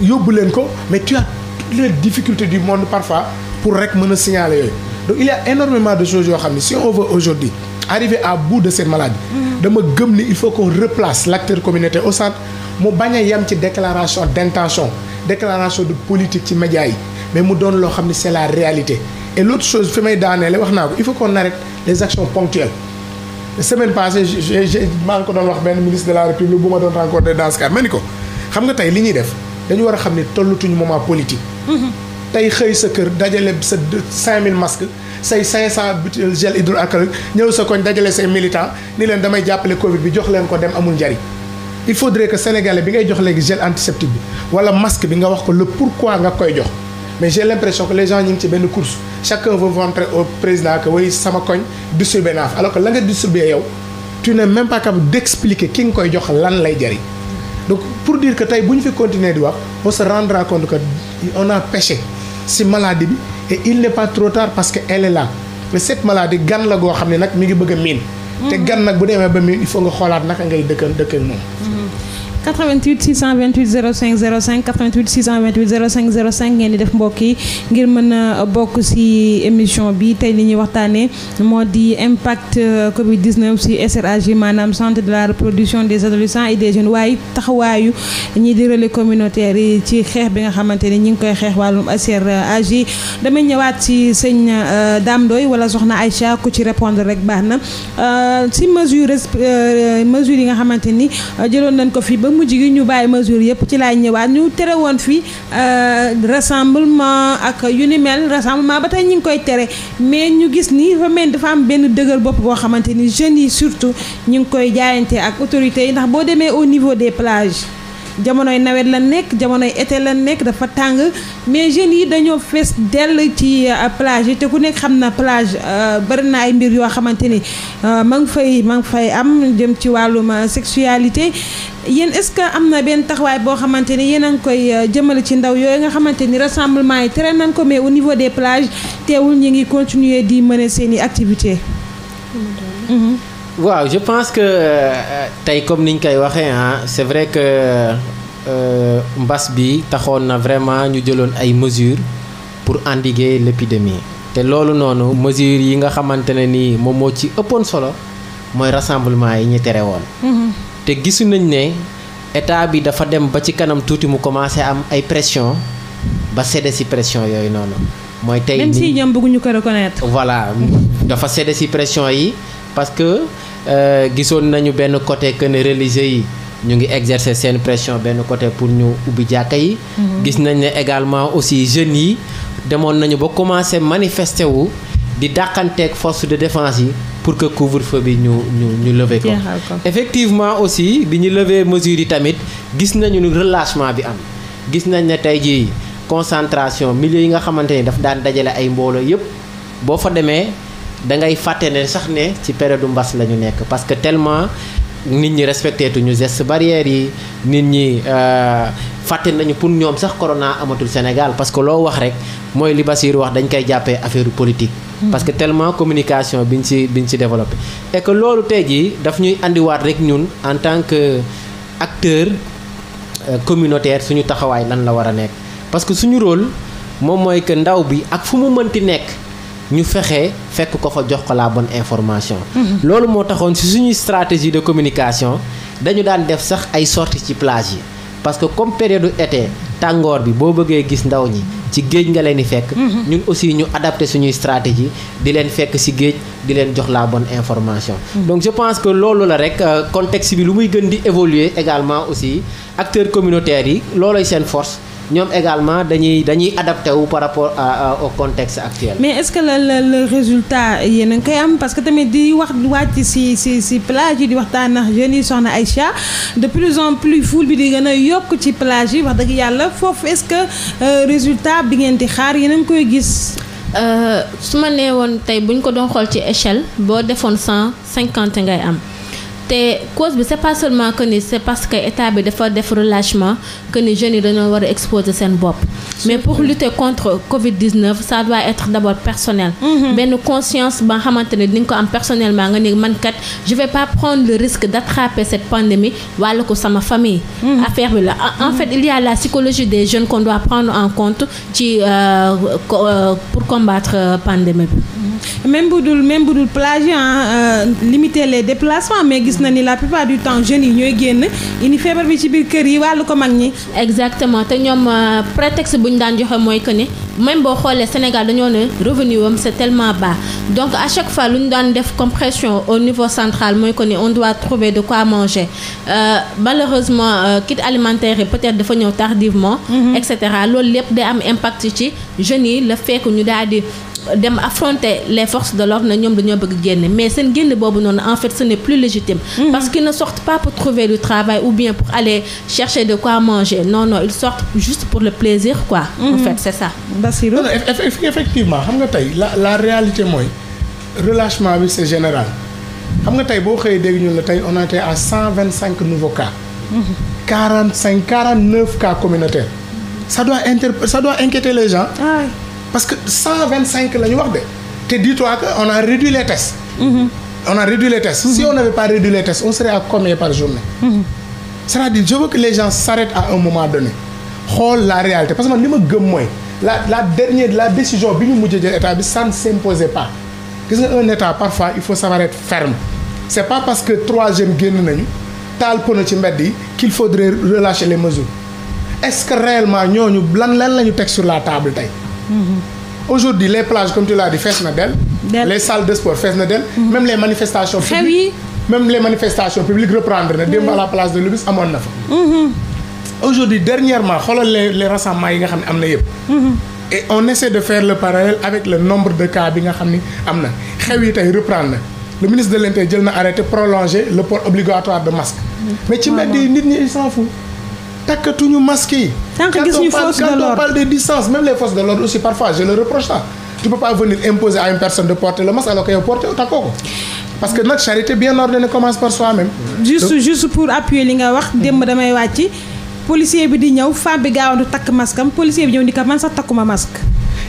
yóbbu leen ko mais tu as toutes les difficultés du monde parfois pour rek mën a signaler yooyu donc il y de choses yoo xam ne si on veut aujourd'hui arriver à bout de cette maladie mm-hmm. dama gëm ni il faut qu'on replace l'acteur communautaire au centre mu bañ a yem ci déclaration d'intention déclaration de politique ci médias yi mais mu doon loo xam ne c'est la réalité et l'autre fi may daanee la wax naa ko il faut qu'on arrête les actions semaine passée j'ai maa ngi ko doon wax benn ministre de la république bu ma doon rencontré dans ce ma ni ko xam nga tey li ñuy def dañu war a xam ne tollutuñu moment politique mm-hmm. tey xëy sa kër dajale sa cinq mille masques say cinq cent butéel gel hydroalcoolique ñëw sa koñ dajale say militan ni leen damay jàppale covid bi jox leen ko dem amul njariñ il faudrait que sénégalais bi ngay jox léegi gel antiseptique bi wala masque bi nga wax ko le pourquoi nga koy jox mais j'ai l'impression que les ngi ci benn course chacun veut montrer au président que way sama koñ distribué naa fa alors que la nga yow tu n'es même pas capable d'expliquer ki nga koy jox lan lay jariñ donc pour dire que tey bu ñu fi continuer di wax on rendre rendra compte que on a péché si maladie bi et il n'est pas trop tard parce que elle est là mais gan la goo xam ne nag mi ngi bëgg a miin te mhm. gan nag bu demee ba miin il nga xoolaat naka ngay dëkkan dëkkan moom mhm. 88 628 05 05 88 628 05 05 ngeen di def mbokk yi ngir mën a bokk ci émission bi tey li ñuy waxtaanee moo di impact euh, Covid 19 ci srag maanaam centre de la reproduction des adolescents et des jeunes waaye taxawaayu ñii di relais communautaire yi ci xeex bi nga xamante ni ñi ngi koy xeex wàllum SRAJ damay ñëwaat ci sëñ euh, Dame Ndoye wala soxna ay ku ci répondre rek baax na euh, ci mesure mesure yi nga xamante ni jëloon nañ ko fii ba mujj gi ñu bàyyi mesure yëpp ci laay ñëwaat ñu tere woon fi euh, rassemblement ak yu ni mel rassemblement ba tey ñu ngi koy tere mais ñu gis ni dafa dafa am benn dëgër bopp boo xamante ni jeunes yi surtout ñu ngi koy jaayante ak autorités yi ndax boo demee au niveau des plage jamonoy nawet la nekk jamonoy été la nekk dafa tàng mais jeunes yi dañoo fees dell ci euh, plage yi te ku nekk xam na plage euh, bari na ay mbir yoo xamante ni euh, ma ngi fay ma ngi fay am jëm ci wàllum sexualité yéen est-ce que am na benn taxawaay boo xamante ni yéen a ngi koy jëmale ci ndaw yooyu nga xamante ni rassemblement yi tere nañ ko mais au niveau des plages teewul ñu ngi continuer di mener seeni i activités. waaw je pense que euh, tey comme niñ koy waxee ah c'est vrai que euh, mbas bi taxoon na vraiment ñu jëloon ay mesures pour endiguer l'épidémie te loolu noonu mesures yi nga xamante ne ni moom moo ci ëppoon solo mooy rassemblement yi ñu tere woon. Mm-hmm. te gisu nañ ne état bi dafa dem ba ci kanam tuuti mu commencé am ay pression ba sédde si pression yooyu noonu. mooy tey même si dafa sédde si pression yi parce Euh, gisoon nañu benn côté que ne yi ñu ngi exercer seen pression benn côté pour ñu ubbi jàkka yi. Mhm. gis nañ ne également aussi jeunes yi demoon nañu ba commencer manifester wu di dàqanteeg force de défense yi pour que couvre-feu bi ñu ñu ñu lever ko. effectivement aussi bi ñu levee mesure yi tamit gis nañu ni relâchement bi am gis nañ ne tey jii concentration milieu yi nga xamante ni daf daan dajale ay mbooloo yépp boo fa demee. da ngay fàtte ne sax ne ci période mbas la ñu nekk parce que tellement nit ñi respecté ñu gestes barrières yi nit ñi euh, fàtte nañu pour ñoom sax corona amatul Sénégal parce que loo wax rek mooy li Basir wax dañ koy jàppee affaire politique. Hmm. parce que tellement communication ñu ci biñ ci développé. et que loolu tey jii dafa ñuy indiwaat rek ñun en tant que acteur euh, communautaire suñu taxawaay lan la war a nekk parce que suñu rôle moom mooy que ndaw bi ak fu mu mënti nekk. ñu fexe fekk ko ko jox ko la bonne information. Mhm. loolu moo taxoon si suñuy stratégie de communication dañu daan def sax ay sorties ci plage yi parce que comme période été tàngoor bi boo bëggee gis ndaw ñi ci géej nga leen di fekk. Mhm. ñun aussi ñu adapté suñuy stratégie di leen fekk si géej di leen jox la bonne information. Mhm. donc je pense que loolu la rek euh, contexte bi lu muy gën di évoluer également aussi acteur communautaires yi loolooy seen force. ñoom également dañuy dañuy adapté wu par rapport à, à, au contexte actuel. mais est-ce que le le, le résultat yéen a ngi koy am parce que tamit di wax wàcc si si si yi di waxtaan ak jeunes yi ay Aïcha de plus en plus foule bi di gën a yokk ci plage yi wax dëgg yàlla foofu est-ce que euh, résultat bi ngeen di xaar yéen a koy gis. Euh, su ma nee woon tey bu ko doon xool ci échelle boo defoon cent cinquante ngay am. te cause bi c'est pas seulement que ni c'est parce que état bi dafa def relâchement que ni jeunes yi dañoo war exposer seen bopp. mais pour lutter contre Covid 19 ça doit être d'abord personnel. Mm-hmm. benn conscience ba nga xamante ne di nga ko am personnellement nga ni man je vais pas prendre le risque d'attraper cette pandémie wala ko sama famille. Mm-hmm. affaire bi la en fait il y a la psychologie des jeunes qu'on doit prendre en compte ci euh, euh, pour combattre euh, pandémie gis na la plupart du temps jeunes yi ñooy génn indi feebar bi ci biir kër yi wàllu ko mag ñi. exactement te ñoom euh, prétexte bu ñu daan joxe mooy que ni même boo xoolee Sénégal dañoo ne revenu wam c'est tellement bas donc à chaque fois lu ñu daan def compression au niveau central mooy que ni on doit trouver de quoi manger euh, malheureusement euh, kit alimentaire yi peut-être dafa ñëw tardivement. Mm -hmm. loolu lépp day am impact ci jeunes yi la fekk ñu daal di. dem affronter les forces de l'ordre na ñoom dañoo bëgg génn mais seen génn boobu noonu en fait ce n'est plus légitime mm -hmm. parce qu'ils ne sortent pas pour trouver du travail ou bien pour aller chercher de quoi manger non non ils juste pour le plaisir quoi mm -hmm. en mm-hmm. fait c'est effectivement xam nga tey la la réalité mooy relâchement bi c'est général xam nga tey boo xëyee dégg ñu la tey on à cent vingt cinq nouveaux cas mm-hmm. quarante cinq quarante neuf cas doit inter parce que cent 125 la ñu wax de te dis-toi que on a réduit les tests. Mmh. on a réduit les tests. Mmh. si mm-hmm. on n'avait pas réduit les on serait à combien par journée. Mm-hmm. cest à un moment donné xool la réalité parce que man li ma gëm mooy la la dernière la décision bi ñu mujjee jël état bi ça ne s'imposait pas gis nga un état parfois il faut savoir être ferme c'est pas parce que troisième génn nañu taal pono ci mbedd yi qu'il faudrait relâcher les mesures est-ce que réellement ñooñu lan lan la ñu teg sur la table tey. Mm-hmm. aujourd'hui les plages comme tu l'as dit fees na del les salles de sport fees na del mm-hmm. même les manifestations publiques même les manifestations publiques reprendre na mm-hmm. démb à la place de l'Obélisque amoon na fa aujourd'hui dernièrement xoolal les les rassemblements yi nga xam ne am na yëpp et on essaie de faire le parallèle avec le nombre de cas bi nga xam ni am na xew yi tey reprendre na le ministre de l'Intérieur jël na arrêté prolonger le port obligatoire de masque mais ci mbedd yi nit ñi ils takkatuñu masque yi. sànq gis ñu force de l'ordre quand on aussi parfois je reproche ça tu peux venir imposer à une personne de porter le masque alors que yow porté takkoo ko. parce que nag charité bien ordonnée commence par soi-même. juste Donc, pour appuyer li nga wax. démb damay wàcc. policier bi di ñëw femme bi gaawantu takk masque am policier bi ñëw di ko man sax takkuma masque.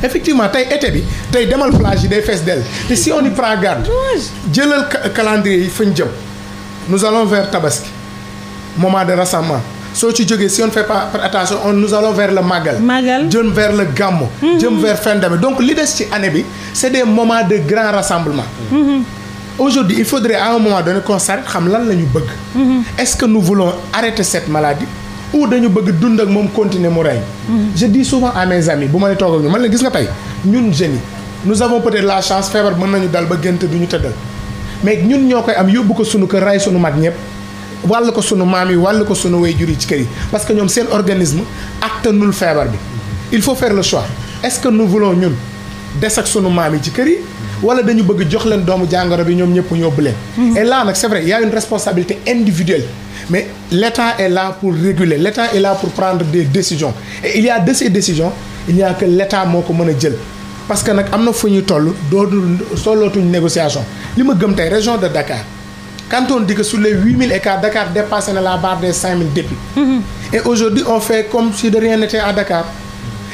effectivement tey été bi tey demal plage yi day fees dell te si on y prend garde. jëlal yi fañ jëm. nous allons vers Tabaski moment de rassemblement. soo ci jógee si on fait pas attention on nous allons vers le màggal. màggal jëm vers le gàmmu. Mhm. jëm vers fin d'année donc li des ci année bi c' est des moments de grand rassemblement. Mhm. aujourd'hui il faudrait à un moment donné qu'on s'arrête xam lan la ñu bëgg. Mhm. est-ce que nous voulons arrêter cette maladie. ou dañu bëgg dund ak moom continuer mu rey. je dis souvent à mes bu ma ne toog ak ñu man la gis nga tey ñun jeunes yi nous avons peut-être la chance feebar mën nañu dal ba gënt du ñu tëddal mais ñun ñoo koy am yóbbu ko sunu kër rey sunu mag ñëpp. wàll ko sunu maam yi wàll ko sunu waajur yi ci kër yi parce que ñoom seen organisme attanul feebar bi il faut faire le choix est-ce que nous voulons ñun des ak sunu maam yi ci kër yi wala dañu bëgg jox leen doomu jàngoro bi ñoom ñëpp yóbbu leen et la nag c'est vrai il y a une responsabilité individuelle mais l'État est là pour réguler l'État est la pour prendre de décision décisions il n'y a que moo ko mën a jël parce que nag am na fu ñu toll dootul tollootuñ négociation li ma gëm tey région de Dakar quand on dit que sur les 8000 hectares, Dakar dépasse la barre des 5000 députés. Mm -hmm. Et aujourd'hui, on fait comme si de rien n'était à Dakar.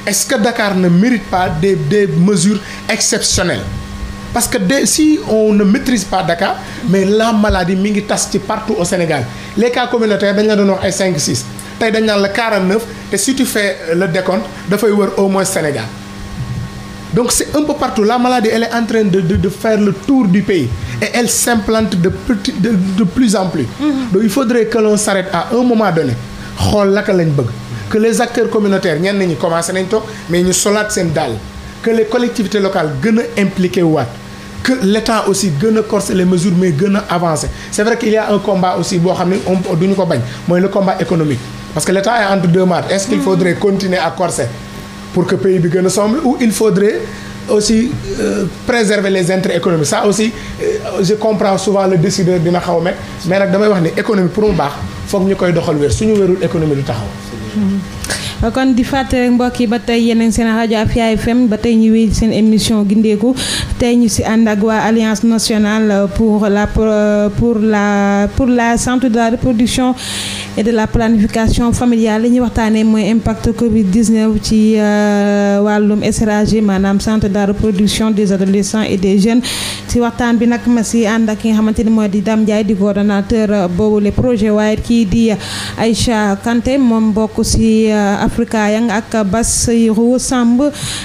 Est-ce que Dakar ne mérite pas des, des mesures exceptionnelles Parce que de, si on ne maîtrise pas Dakar, mais la maladie mingi partout au Sénégal. Les cas communautaires, ils donnent 5-6. Ils donnent 49. Et si tu fais le décompte, il faut avoir au moins Sénégal. Donc c'est un peu partout. La maladie, elle est en train de, de, de faire le tour du pays. et s'implante de, plus en plus. Mhm. donc il faudrait que l'on s'arrête à un moment donné xool laka lañ bëgg. que les acteurs communautaires ñenn ñi commencé nañ toog mais ñu solaat seen dàll. que les collectivités gën a impliqué waat. que l'État aussi gën a corser les mesures mais gën a avancer c'est vrai qu'il y a un combat aussi boo xam ne on duñu ko bañ mooy le combat économique parce que l'État est entre deux marches est-ce qu'il mhm. faudrait continuer à corser pour que pays a sombre ou aussi euh, préserver les intérêts économiques ça aussi euh, je comprends souvent le décideur dina xaw a met mais nag damay wax ni économie pour mu baax foog ñu koy doxal wér suñu wérul économie du taxaw. Mhm. kon di fàttali mbokk yi ba tey yeneen seen rajo Afia FM ba tey ñu wéy seen émission gindeeku tey ñu si ànd ak waa alliance nationale pour la pour la pour la santé de la reproduction. et de la planification familiale li ñuy waxtaanee mooy impact Covid 19 ci euh, wàllum SRAG maanaam centre de la reproduction des adolescents et des jeunes si waxtaan bi nag ma si ànd ak ki nga xamante ni mooy di dam jaay di coordonnateur euh, boobu le projet waaye kii di Aïcha Kanté moom bokk si euh, Africa Young ak Bassirou Samb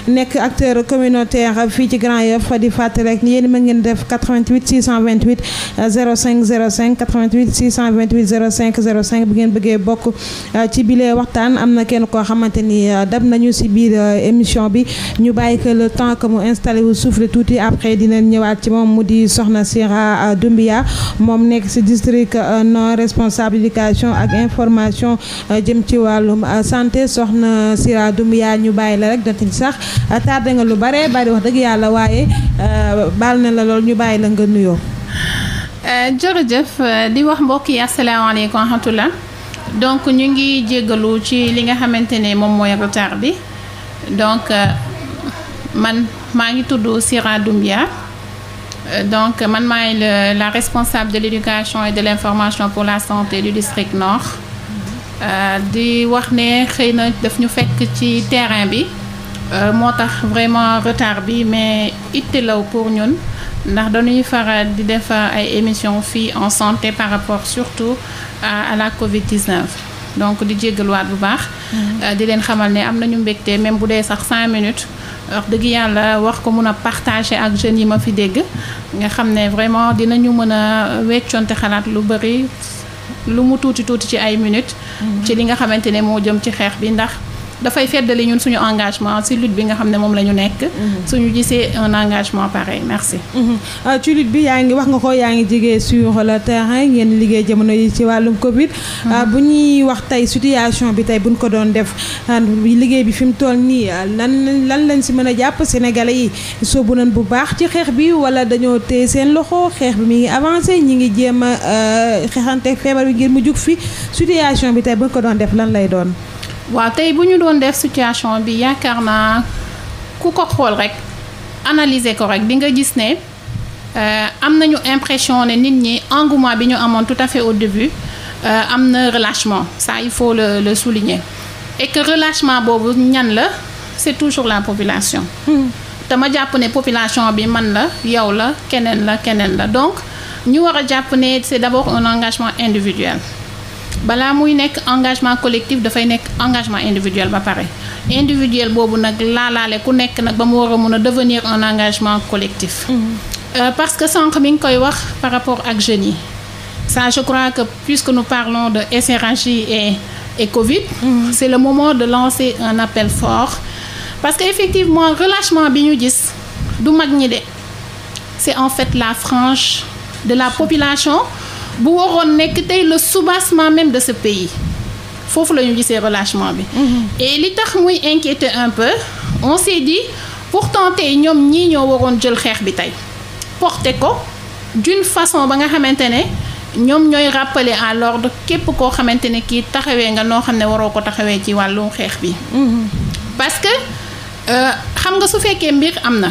nekk acteur communautaire fii ci Grand Yoff di fàttali rek yéen ma ngeen def 88 628 05 05 88 628 05 05. ngeen bëggee bokk euh, ci bile waxtaan am na kenn koo xamante ni euh, dab nañu si biir euh, émission bi ñu bàyyi que le temps que mu installé wu souffle tuuti après dina ñëwaat ci moom mu di soxna Sira Doumbia moom nekk si district non responsable ak information jëm ci wàllum santé soxna Sira Doumbia ñu bàyyi la rek donte sax tardé nga lu bare bari wax dëgg yàlla waaye bal na la lool ñu bàyyi la nga nuyoo. jërëjëf di wax mbokk yi asalaamaaleykum wa donc ñu ngi jéggalu ci li nga xamante ne moom mooy retard bi donc euh, man maa ngi tudd Sira Doumbia euh, donc man maay la responsable de l'éducation et de l'information pour la santé du district nord euh, di wax ne xëy na daf ñu fekk ci terrain bi moo tax vraiment retard bi mais ittelaw pour ñun ndax dañuy faral di def ay émission fii en santé par rapport surtout à, à la Covid 19. donc di jéggaluwaat bu baax. Mm-hmm. Euh, di leen xamal ne am nañu mbégte même bu dee sax cinq minutes. wax dëgg yàlla wax ko mun a partager ak jeunes yi ma fi dégg nga xam ne vraiment dinañu mën a weccoonte xalaat lu bëri lu mu tuuti tuuti ci ay minutes. Mm-hmm. ci li nga xamante ne moo jëm ci xeex bi ndax. dafay feddali ñun suñu engagement ci lutte bi nga xam ne moom lañu nekk. Mhm. suñu gisee un engagement pareil merci. Mhm. Euh, ci lutte bi yaa ngi wax nga ko yaa ngi jege sur le terrain ngeen liggéey jamono yi ci wàllum Covid. Mhm. Euh, bu ñuy wax tey situation bi tey buñ ko doon def euh, liggéey bi fi mu toll nii lan lan lañ ci mën a jàpp sénégalais yi soobu nañ bu baax ci xeex bi wala dañoo téye seen loxo xeex bi mi ngi avancé ñi ngi jéem a xeexante feebar bi ngir mu jug fi situation bi tey buñ ko doon def lan lay doon. waaw tey bu ñu doon def situation bi yaakaar naa ku ko xool rek analyser ko rek di nga gis ne euh, am nañu impression ne nit ñi engouement bi ñu amoon tout à fait au début euh, am na relâchement ça il faut le le souligner et que relâchement boobu ñan la c'est toujours la population. Hmm. te ma jàpp ne population bi man la yow la keneen la keneen la donc ñu war a jàpp ne c'est d'abord un engagement individuel. balaa muy nekk engagement collectif dafay nekk engagement individuel ba pare individuel boobu nag laalaale ku nekk nag ba mu war a mun a devenir un engagement collectif. Mm-hmm. Euh, parce que sànq mi ngi koy wax par rapport ak jeunes yi ça je crois que puisque nous parlons de SRH et et Covid. Mm -hmm. c'est le moment de lancer un appel fort parce que effectivement relâchement bi ñu gis du mag ñi de c'est en fait la frange de la population. bu waroon nekk tey le soubassement même de ce pays foofu la ñu gisee relâchement bi. Mm-hmm. et li tax muy inquiéter un peu on s'est dit pourtant tey ñoom ñii ñoo waroon jël xeex bi tey porter ko d'une façon ba nga xamante ne. ñoom ñooy rappeler à l'ordre képp koo xamante ne kii taxawee nga noo xam ne waroo ko taxawee ci wàllu xeex bi. Mm-hmm. parce que euh, xam nga su fekkee mbir am na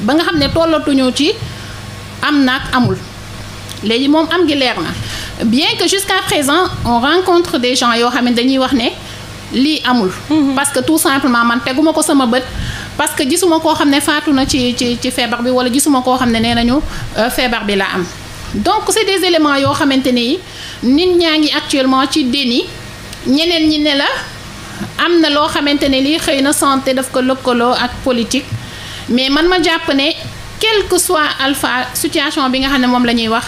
ba nga xam ne tollatuñu ci am naag amul. léegi moom am ngi leer na bien que jusqu'à présent on rencontre des gens yoo xam dañuy wax ne lii amul mhm. parce que tout simplement man teguma ko sama bët parce que gisuma koo xam ne faatu na ci ci ci feebar bi wala gisuma koo xam ne nee nañu euh, feebar bi la am donc c'est des éléments yoo xamante ne nit ñaa ngi actuellement ci déni ñeneen ñi ne la am na loo xamante ne lii xëy na santé daf ko lëkkaloo ak politique mais man ma jàpp ne quelque soit alpha situation bi nga xam ne moom la ñuy wax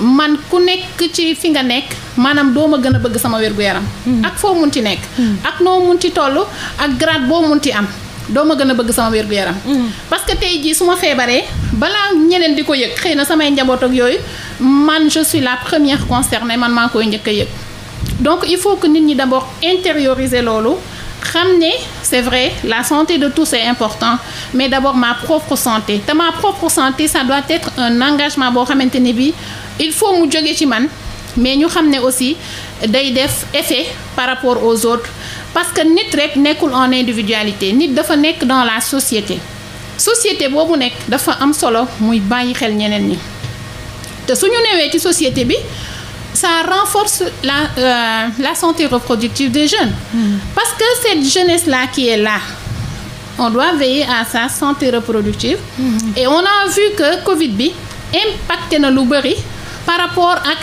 man ku nekk ci fi nga nekk maanaam doo ma gën a bëgg sama wér-gu-yaram hmm. ak foo mun munti nekk hmm. ak noo munti toll ak grade boo munti am doo ma gën a bëgg sama wér-gu-yaram hmm. parce que tey jii su ma feebaree balaa ñeneen di ko yëg xëy na samay njaboot ak yooyu man je suis la première concernée man maa koy njëkk a yëg donc il faut que nit ñi d'abord intérioriser loolu xam ne c'est vrai la santé de tout est important mais d'abord ma propre santé te ma propre santé ça doit être un engagement boo xamante ni bi il faut mu jóge ci man mais ñu xam ne aussi day def effet par rapport aux autres parce que nit rek nekkul en individualité nit dafa nekk dans la société société boobu nekk dafa am solo muy bàyyi xel ñeneen ñi te suñu newee ci société bi ça renforce la euh, la santé reproductive des jeunes mmh. parce que cette jeunesse là qui est là on doit veiller à sa santé reproductive mm. et on a vu que Covid bi impacté na lu bëri par rapport ak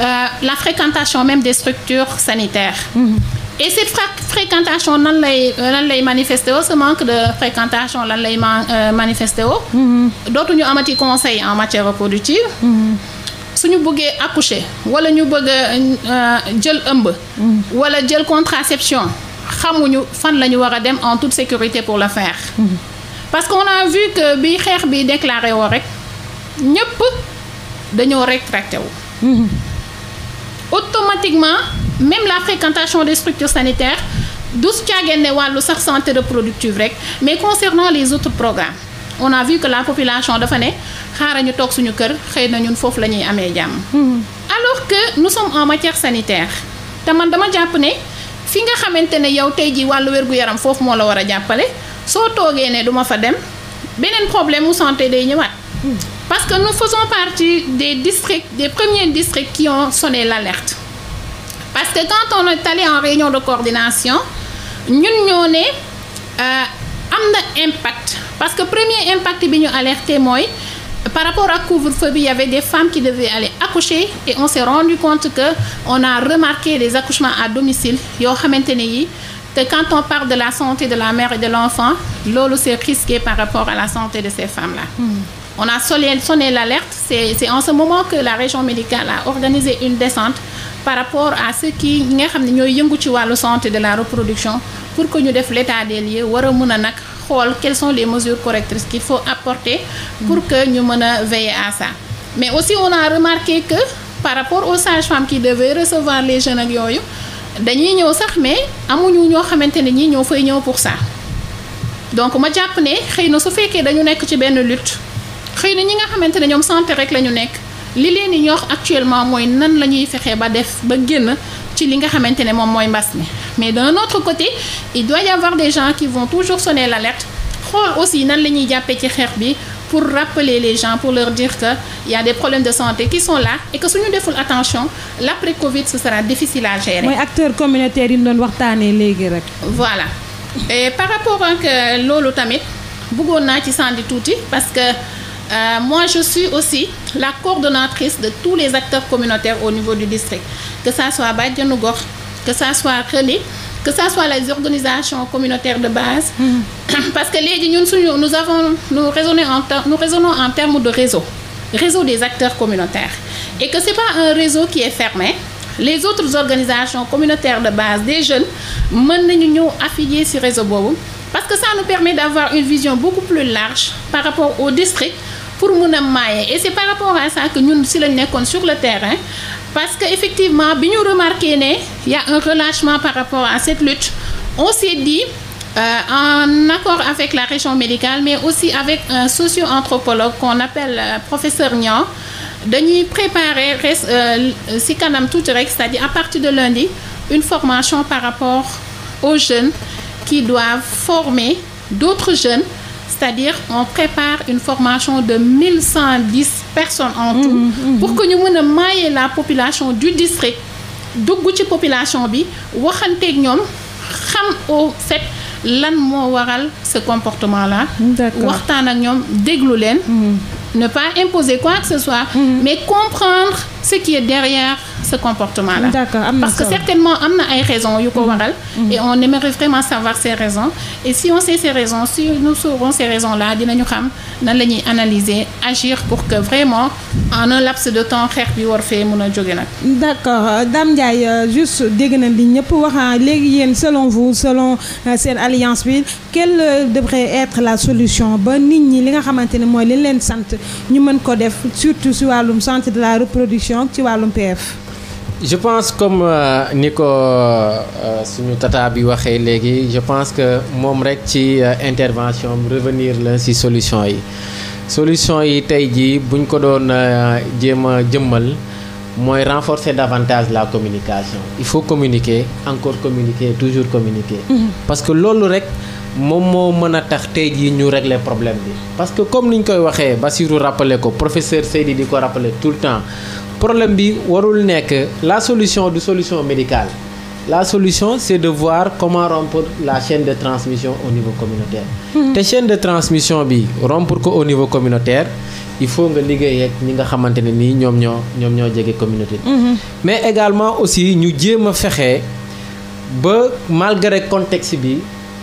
euh, la fréquentation même des structures sanitaires mm-hmm. et cette fréquentation nan lay lan lay manifesté woo ce manque de fréquentation lan lay euh, manifesté woo mm-hmm. dootuñu amati conseil en matière reproductive mm-hmm. suñu buggee accoucher wala ñu bëgg euh, jël ëmb wala jël contraception xamuñu fan la ñu war a dem en toute sécurité pour le faire parce qu'on a vu que bi xeex bi déclaré woo rek ñëpp dañoo rétracté wu. automatiquement même la fréquentation des structures sanitaire du su caageen ne wàllu sax santé reproductive rek mais concernant les autres programmes on a que la population dafa ne xaaral ñu toog suñu kër xëy na foofu la ñuy amee jàmm. alors que nous sommes en matière sanitaire te man dama jàpp ne fi nga xamante ne yow tey jii wàllu wér yaram foofu moo la war a jàppale soo toogee ne duma fa dem beneen problème mu santé day ñëwaat. Parce que nous faisons partie des districts, des premiers districts qui ont sonné l'alerte. Parce que quand on est allé en réunion de coordination, ñun ñoo ne euh, am na impact parce que premier impact bi ñu alerté mooy par rapport à couvre-feu bi y avait des femmes qui devaient aller accoucher et on s'est rendu compte que on a remarqué des accouchements à domicile yoo xamante ne yi te quand on parle de la santé de la mère et de l'enfant loolu c'est risqué par rapport à la santé de ces femmes hmm. On a sonné, sonné l'alerte. C'est en ce moment que la région médicale a organisé une descente par rapport à ceux qui nga xam ne ñooy yëngu ci wàllu santé de la reproduction pour que ñu def l'état des lieux war a mën a nag xool quelles sont les mesures correctrices qu'il faut apporter pour que ñu mën a veiller à ça mais aussi on a remarqué que par rapport aux sages-femmes qui devaient recevoir les jeunes ak yooyu dañuy ñëw sax mais amuñu ñoo xamante ne ñi ñoo fay ñëw pour ça donc ma jàpp ne xëy na su fekkee dañu nekk ci benn lutte xëy na ñi nga xamante ne ñoom santé rek la ñu nekk li mooy nan la ñuy fexee ba def ba génn ci li nga xamante ne moom mooy mbas mi mais d'un autre côté il doit y avoir des gens qui vont toujours sonner xool aussi nan la ñuy jàppee ci xeex bi pour rappeler les gens pour leur dire que des problèmes de santé qui sont là et que suñu deful attention l'après Covid ce sera difficile à gérer. mooy acteurs communautaires yi ñu doon waxtaanee léegi rek. voilà et par rapport ak euh, loolu tamit bëggoon naa ci sandi tuuti parce que. Euh, moi, je suis aussi la coordonnatrice de tous les acteurs communautaires au niveau du district, que ça soit Badjanougor, que ça soit Relais, que ça soit les organisations communautaires de base. Mm Parce que les, nous, nous, avons, nous, raisonnons en, nous raisonnons en termes de réseau, réseau des acteurs communautaires. Et que ce n'est pas un réseau qui est fermé. Les autres organisations communautaires de base des jeunes, nous nous affiliés sur réseau Bobo, parce que ça nous permet d'avoir une vision beaucoup par rapport au district pour mun a maaye et c' par rapport à ça que ñun si lañ nekkoon sur le terrain parce que effectivement bi ñu remarqué ne y' a un relâchement par rapport à cette lutte on s' est dit euh, en accord avec la région médicale mais aussi avec un socio-anthropologue qu'on appelle euh, professeur Niang dañuy préparer res euh, si kanam tuuti rek c'est-à-dire à partir de lundi une formation par rapport aux jeunes qui doivent former d'autres jeunes c'est-à-dire on prépare une formation de 1110 personnes en tout mm -hmm. pour que ñu mën a maayer la population du district dugg ci population bi waxanteeg ñoom xam au fait lan moo waral ce comportement là waxtaan ak ñoom déglu leen mm-hmm. ne pas imposer quoi que ce soit, mm -hmm. mais comprendre ce qui est derrière ce comportement-là. Parce que certainement, on a des raisons, mhm. Mhm. et on aimerait vraiment savoir ces raisons. Et si on sait ces raisons, si nous saurons ces raisons-là, nous allons analyser, agir pour que vraiment, en un laps de temps, nous puissions D'accord. Euh, Dame Diaye, euh, juste, pour selon vous, selon cette euh, alliance, quelle devrait être la solution Bonne ligne, les gens qui ñu mën ko def surtout si wàllum santé de la reproduction ci wàllum PF. je pense comme euh, ni ko euh, suñu tata bi waxee léegi je pense que moom rek ci euh, intervention revenir la ci solution yi solution yi tey jii buñ ko doon jéem a jëmmal mooy renforcer davantage la communication il faut communiquer encore communiquer toujours communiquer mm-hmm. parce que loolu rek moom moo mën a tax tey jii ñu régler problème bi parce que comme ni ñu koy waxee Bassirou rappelé ko professeur Seydi di ko rappelé tout le temps problème bi warul nekk la solution du solution médicale la solution c'est de voir comment rompre la chaîne de transmission au niveau communautaire hmm. te mmh. de transmission bi rompre ko au niveau communautaire il faut nga liggéey ak ñi nga xamante ne nii ñoom ñoo ñoom ñoo jege communauté hmm. mais également aussi ñu jéem a fexe ba malgré contexte bi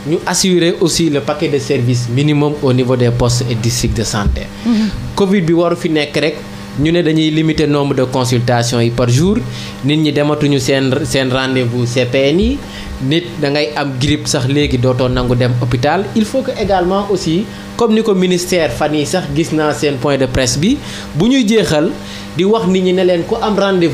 ñu assurer aussi le paquet de services minimum au niveau des postes et districts de santé. Mm-hmm. Covid bi waru fi nekk rek. ñu ne dañuy limiter nombre de consultations yi par jour nit ñi dematuñu seen seen rendez-vous CPN yi nit da ngay am grippe sax léegi dootoo nangu dem hôpital il faut que également aussi comme ni ko ministère fan yi sax gis naa seen point de presse bi bu ñuy jeexal di wax nit ñi ne leen ku am rendez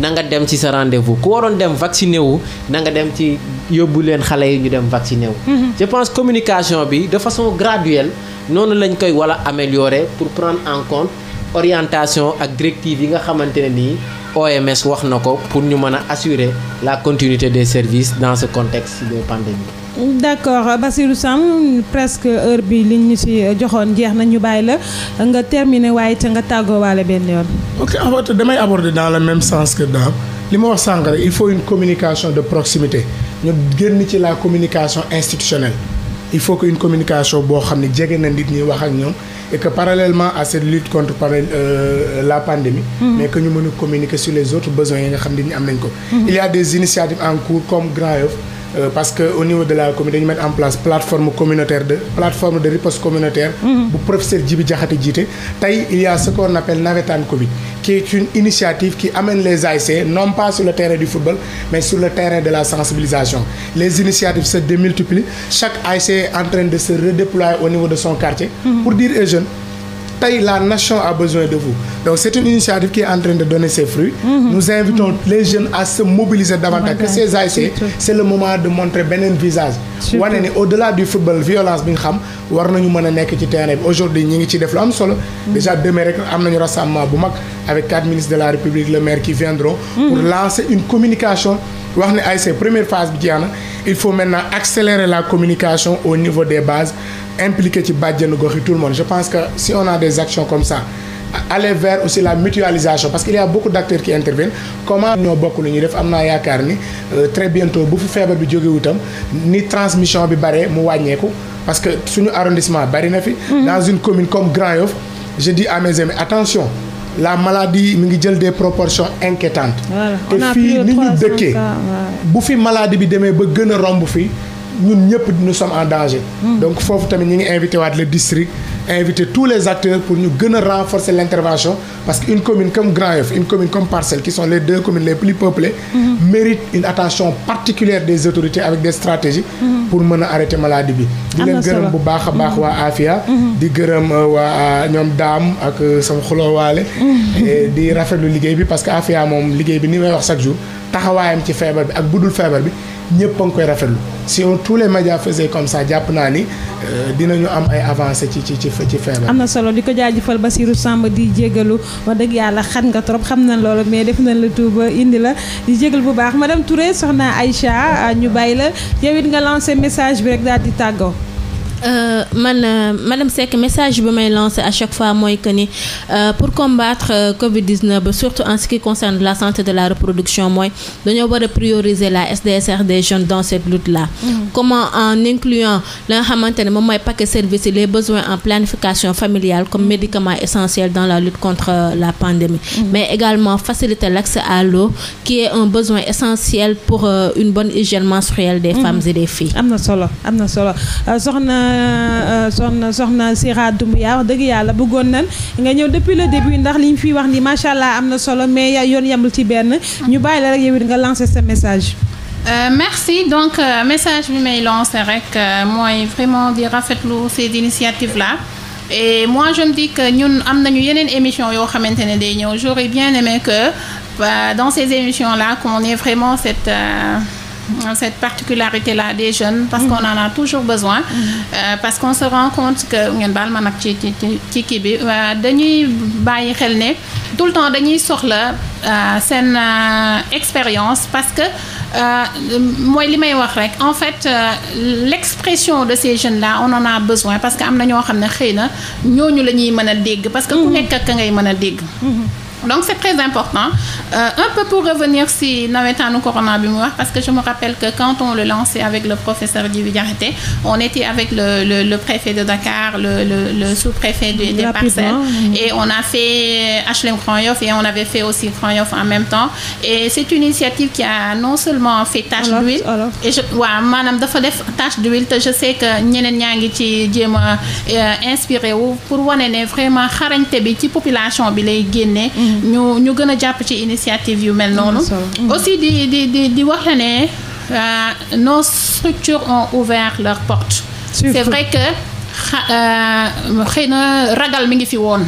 nanga dem ci sa rendez-vous ku waroon dem vacciné wu na nga dem ci yóbbu leen xale yi ñu dem vacciné wu. Mhm. je pense communication bi de façon graduelle noonu lañ koy wala améliorer pour prendre en compte orientation ak directive yi nga xamante ne nii. OMS wax na ko pour ñu mën a assurer la continuité des services dans ce contexte de pandémie d'accord Basirou Sam presque heure bi li ñu si joxoon jeex na ñu bàyyi la nga terminer waaye te nga tàggoowaale benn yoon. ok en fait damay aborder dans le même sens que daaw li ma wax sànq rek il faut une communication de proximité ñu génn ci la communication institutionnelle. il faut que communication boo xam ne jege na nit ñi wax ak ñoom et que parallèlement à cette contre euh, la pandémie mm -hmm. mais ñu mën a sur les autres besoins yi nga xam ne nit ñi am nañ ko mm-hmm. il y a des en cours comme Grand Yoff Euh, parce que au niveau de la commune dañu mettre en place plateforme communautaire de plateforme de riposte communautaire. Mhm. bu professeur Djibi Diakhaté jiite. tey il y a ce Covid qui est initiative qui amène les ASC non pas sur le terrain du football mais sur le terrain de la sensibilisation les initiatives se démultiplient chaque ASC est en train de se redéployer au niveau de son quartier. Mhm. pour dire aux tey la nation a besoin de vous donc c' est une initiative qui est en de donner ses fruits. Mhm. nous invitons mhm. les jeunes à se mobiliser davantage que ces ASC c' est le moment de montrer beneen visage. wane ni au delà du football violence bi nga xam war nañu mën a nekk ci terrain bi aujourd'hui ñi ngi ci def lu am solo. Mhm. déjà demain rek am nañu rassemblement bu mag avec quatre ministres de la République le maire qui viendront. pour lancer une communication wax ne ASC première phase bi il faut maintenant accélérer la communication au niveau des bases impliquer ci bàjjenu gox yi tout le monde je pense que si on a des actions comme ça aller vers aussi la mutualisation parce que y a beaucoup d'acteurs qui interviennent comment ñoo bokk lu ñuy def am na yaakaar ni euh, très bientôt bu fi feebar bi jógewu itam ni transmission bi bare mu wàññeeku parce que suñu arrondissement bari na fi mhm. dans une commune comme Grand Yoff je dis à mes amis attention la maladie mi ngi jël des proportion inquiétantes. te fii ni ñu dëkkee bu fi maladie bi demee ba gën a romb fii. ñun ñëpp nous sommes en danger. Hmm. donc foofu tamit ñu ngi invité waat le district. invité tous les acteurs pour ñu gën a renforcer l' intervention parce que une commune comme Grand Yoff une commune comme Parcelles qui sont les deux communes les plus peuplées. Mm -hmm. mérite une attention particulière des autorités avec des stratégies. Hmm. pour mën a arrêter maladie bi. di leen gërëm bu baax a baax hmm. waa Afia. di gërëm euh, waa euh, ñoom daam ak euh, sama xuloowaale. di rafetlu liggéey bi parce que Afia moom liggéey bi ni may wax chaque jour taxawaayam ci feebar bi ak budul feebar bi. ñëpp a ngi koy rafetlu si on tous les médias faisaient comme ça jàpp naa ni euh, dinañu am ay avancées ci ci ci ci feebar. am na solo di ko jaajëfal Basirou sàmba di jégalu wax dëgg yàlla xat nga trop xam na loolu mais def nañ la ba indi la di jégal bu baax ma madame Touré soxna Aïcha euh, ñu bàyyi la yow it nga lancé message bi rek daal di tàggoo. Euh, man euh, madame Seck message bi may lancer à chaque fois mooy que ni euh, pour combattre Covid 19 surtout en ce qui concerne la santé de la reproduction mooy dañoo war a prioriser la SDSR des jeunes dans cette lutte là. Mm-hmm. comment en incluant la nga xamante ne moom mooy paquet service yi les besoins en planification familiale comme mm-hmm. médicament essentiel dans la lutte contre la pandémie. Mm-hmm. mais également faciliter l'accès à l'eau qui est un besoin essentiel pour une bonne hygiène menstruelle des femmes et des filles. am na solo am na solo Euh, soxna soxna Sira Doumbouya wax dëgg yàlla bëggoon nan nga ñëw depuis le début ndax li ñu wax ni macha allah am na solo mais yoon yamul ci benn ñu bàyyi la rek yow it nga lancé sa message. Euh, merci donc euh, message bi may lancer rek euh, mooy vraiment di rafetlu ces initiatives là. et moi je me dis que ñun am nañu yeneen émission yoo xamante ne day ñëw j'aurais bien aimé que dans ces émissions là qu'on ait vraiment cette. Euh, Euh, cette particularité-là des jeune parce qu'on mhm. en a toujours besoin mhm. euh, parce qu'on se rend compte que ngeen baal ma nag ci ci ci kii bi euh, dañuy bàyyi xel ne tout le temps dañuy soxla euh, seen expérience parce que mooy li may wax rek en fait l'expression de ces jeunes-là on en a besoin parce que am na ñoo xam ne xëy na ñooñu la ñuy mën a dégg parce que ku mhm. nekk ak ka ngay mën a dégg donc c' est très important euh, un peu pour revenir si nawetaanu corona bi mu wax parce que je me rappelle que quand on le lançait avec le professeur Djibi Diakhaté on était avec le le, le préfet de Dakar le sous-préfet des parcelles et on a fait HLM Grand et on avait fait aussi Grand en même temps et c'est une initiative qui a non seulement fait tache d'huile et je waaw maanaam dafa def tache d'huile te je sais que ñeneen ñaa ngi ci jéem a euh, inspiré wu pour wane ne vraiment xarañte bi ci population bi lay génnee mhm. ñu ñu gën a jàpp ci initiative yu mel noonu mhm. aussi di di di di wax la ne euh, nos structures ont ouvert leurs portes c'est vrai que euh, xëy na ragal mi ngi fi woon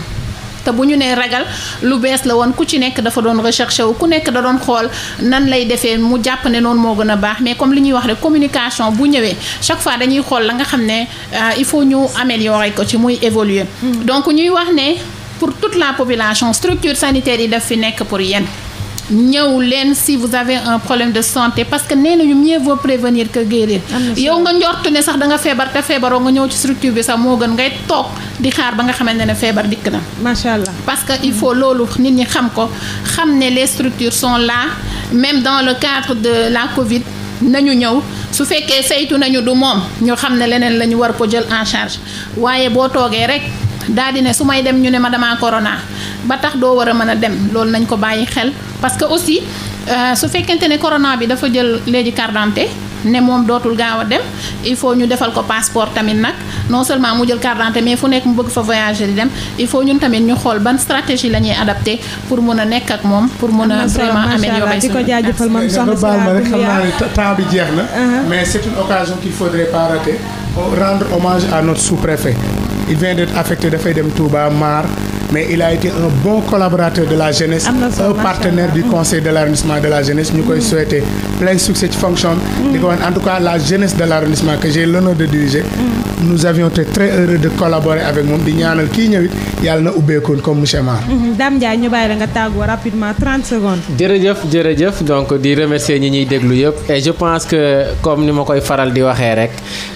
te bu ñu nee ragal lu bees la woon ku ci nekk dafa doon recherche wu ku nekk da doon xool nan lay defee mu jàpp ne noonu moo gën a baax mais comme li ñuy wax rek communication bu ñëwee chaque fois dañuy xool la nga xam ne euh, il faut ñu améliorer ko ci muy évoluer mhm. donc ñuy wax ne pour tout la population structure sanitaire yi daf fi nekk pour yéen ñëw leen si vous avez un problème de santé parce que nee nañu mieux vaut prévenir que guérir yow nga njortu ne sax da nga feebar te feebaroo nga ñëw ci structure bi sax moo gën ngay toog di xaar ba nga xamante ne feebar dikk na macha allah parce que il faut loolu nit ñi xam ko xam ne les structures son la même dans le cadre de la Covid nañu ñëw su fekkee saytu nañu du moom ñu xam ne leneen la ñu war ko jël en charge waaye boo toogee rek daal di ne su may dem ñu ne ma damaa corona ba tax doo war a mën a dem loolu nañ ko bàyyi xel parce que aussi euh, su fekkente ne corona bi dafa jël léegi carte d'identité ne moom dootul gaaw a dem il faut ñu defal ko passeport tamit nag non seulement mu jël carte mais fu nekk mu bëgg fa voyager di dem il faut ñun tamit ñu xool ban stratégie la ñuy adapté pour mun a nekk ak moom. pour mun a vraiment ment di ko jaajëfal man baal ma rek xam naa ne temps bi jeex na. mais c'est une occasion qu'il faudrait pas rater. il vient d'être affecté dafay dem Touba Mar mais il a été un bon collaborateur de la jeunesse un partenaire du conseil de la jeunesse ñu koy mm. souhaiter plein succès ci fonction mm. di ko wan en tout cas la jeunesse de l'arrondissement que j'ai l'honneur de diriger mm. nous avions été très heureux de collaborer avec moom di ñaanal ki ñëwit yàlla na ubbeekoon comme monsieur Mar mm-hmm. Dame Ndiaye ñu bàyyi la nga tàggoo rapidement trente secondes jërëjëf jërëjëf donc di remercier ñi ñuy déglu yëpp je pense que comme ni ma koy faral di waxee rek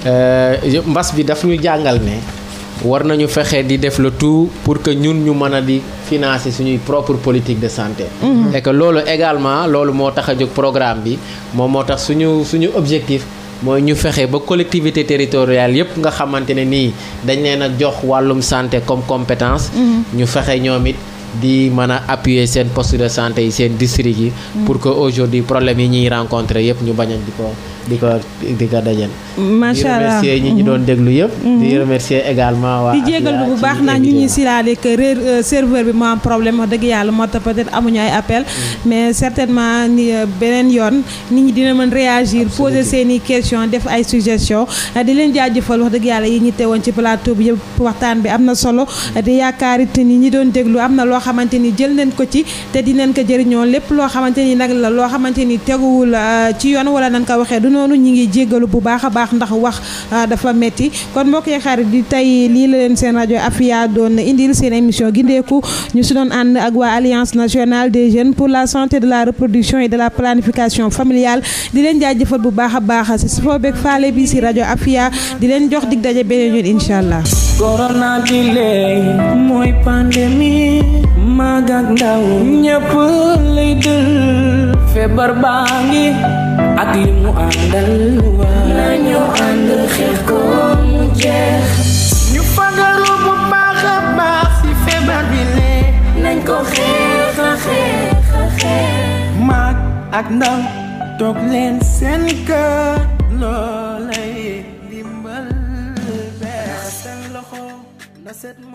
euh, mbas bi daf ñu jàngal ne war nañu fexe di def le tout pour que ñun ñu mën a di financer suñuy propre politique de santé. Mhm. et que loolu également loolu moo tax a jóg programme bi moom moo tax suñu suñu objectif. mooy ñu fexe ba collectivité territoriale yépp nga xamante ne nii dañ leen a jox wàllum santé comme compétence. Mhm. ñu fexe ñoom it. di mën a appuyer seen poste de santé yi seen district yi. Mm. pour que aujourd'hui problème yi ñuy rencontrer yëpp ñu bañ di ko di ko di ko dajal. macha allah di ñu mm-hmm. doon déglu yëpp. di mm-hmm. remercier également waa. di jégalu ñu ngi euh, am problème wax dëgg yàlla moo tax peut amuñu ay appel mm. mais certainement euh, beneen yoon nit ñi dina mën réagir poser seen i question def ay suggestion euh, di leen jaajëfal wax dëgg yàlla yi ñu teewoon ci plateau bi yëpp waxtaan bi am na solo mm. di yaakaar it ñi doon xamante ni jël nañ ko ci te di dinañ ko jëriñoo lépp loo xamante ni nag la loo xamante ni teguwul euh, ci yoon wala nañ ko waxee du noonu ñi ngi jéggalu bu baax a baax ndax wax euh, dafa metti kon mbokk yi xarit di tey lii la leen seen rajo Afia doon indil seen émission gindeeku ñu si doon ànd ak waa Alliance nationale des jeunes pour la santé de la reproduction et de la planification familiale di leen jaajëfal bu baax a baax si safoo beeg faale bi si rajo Afia di leen jox dig daje beneen yoon allah corona bi léey mooy pandémie mag ak ndaw ñëpp lay dël feebar baa ngi ak li mu nañu ànd xeex ko mu jeex ñu fagaru bu baax a baax ci feebar bi léey ko xeex a xeex a xeex mag ak ndaw toog leen seen kër set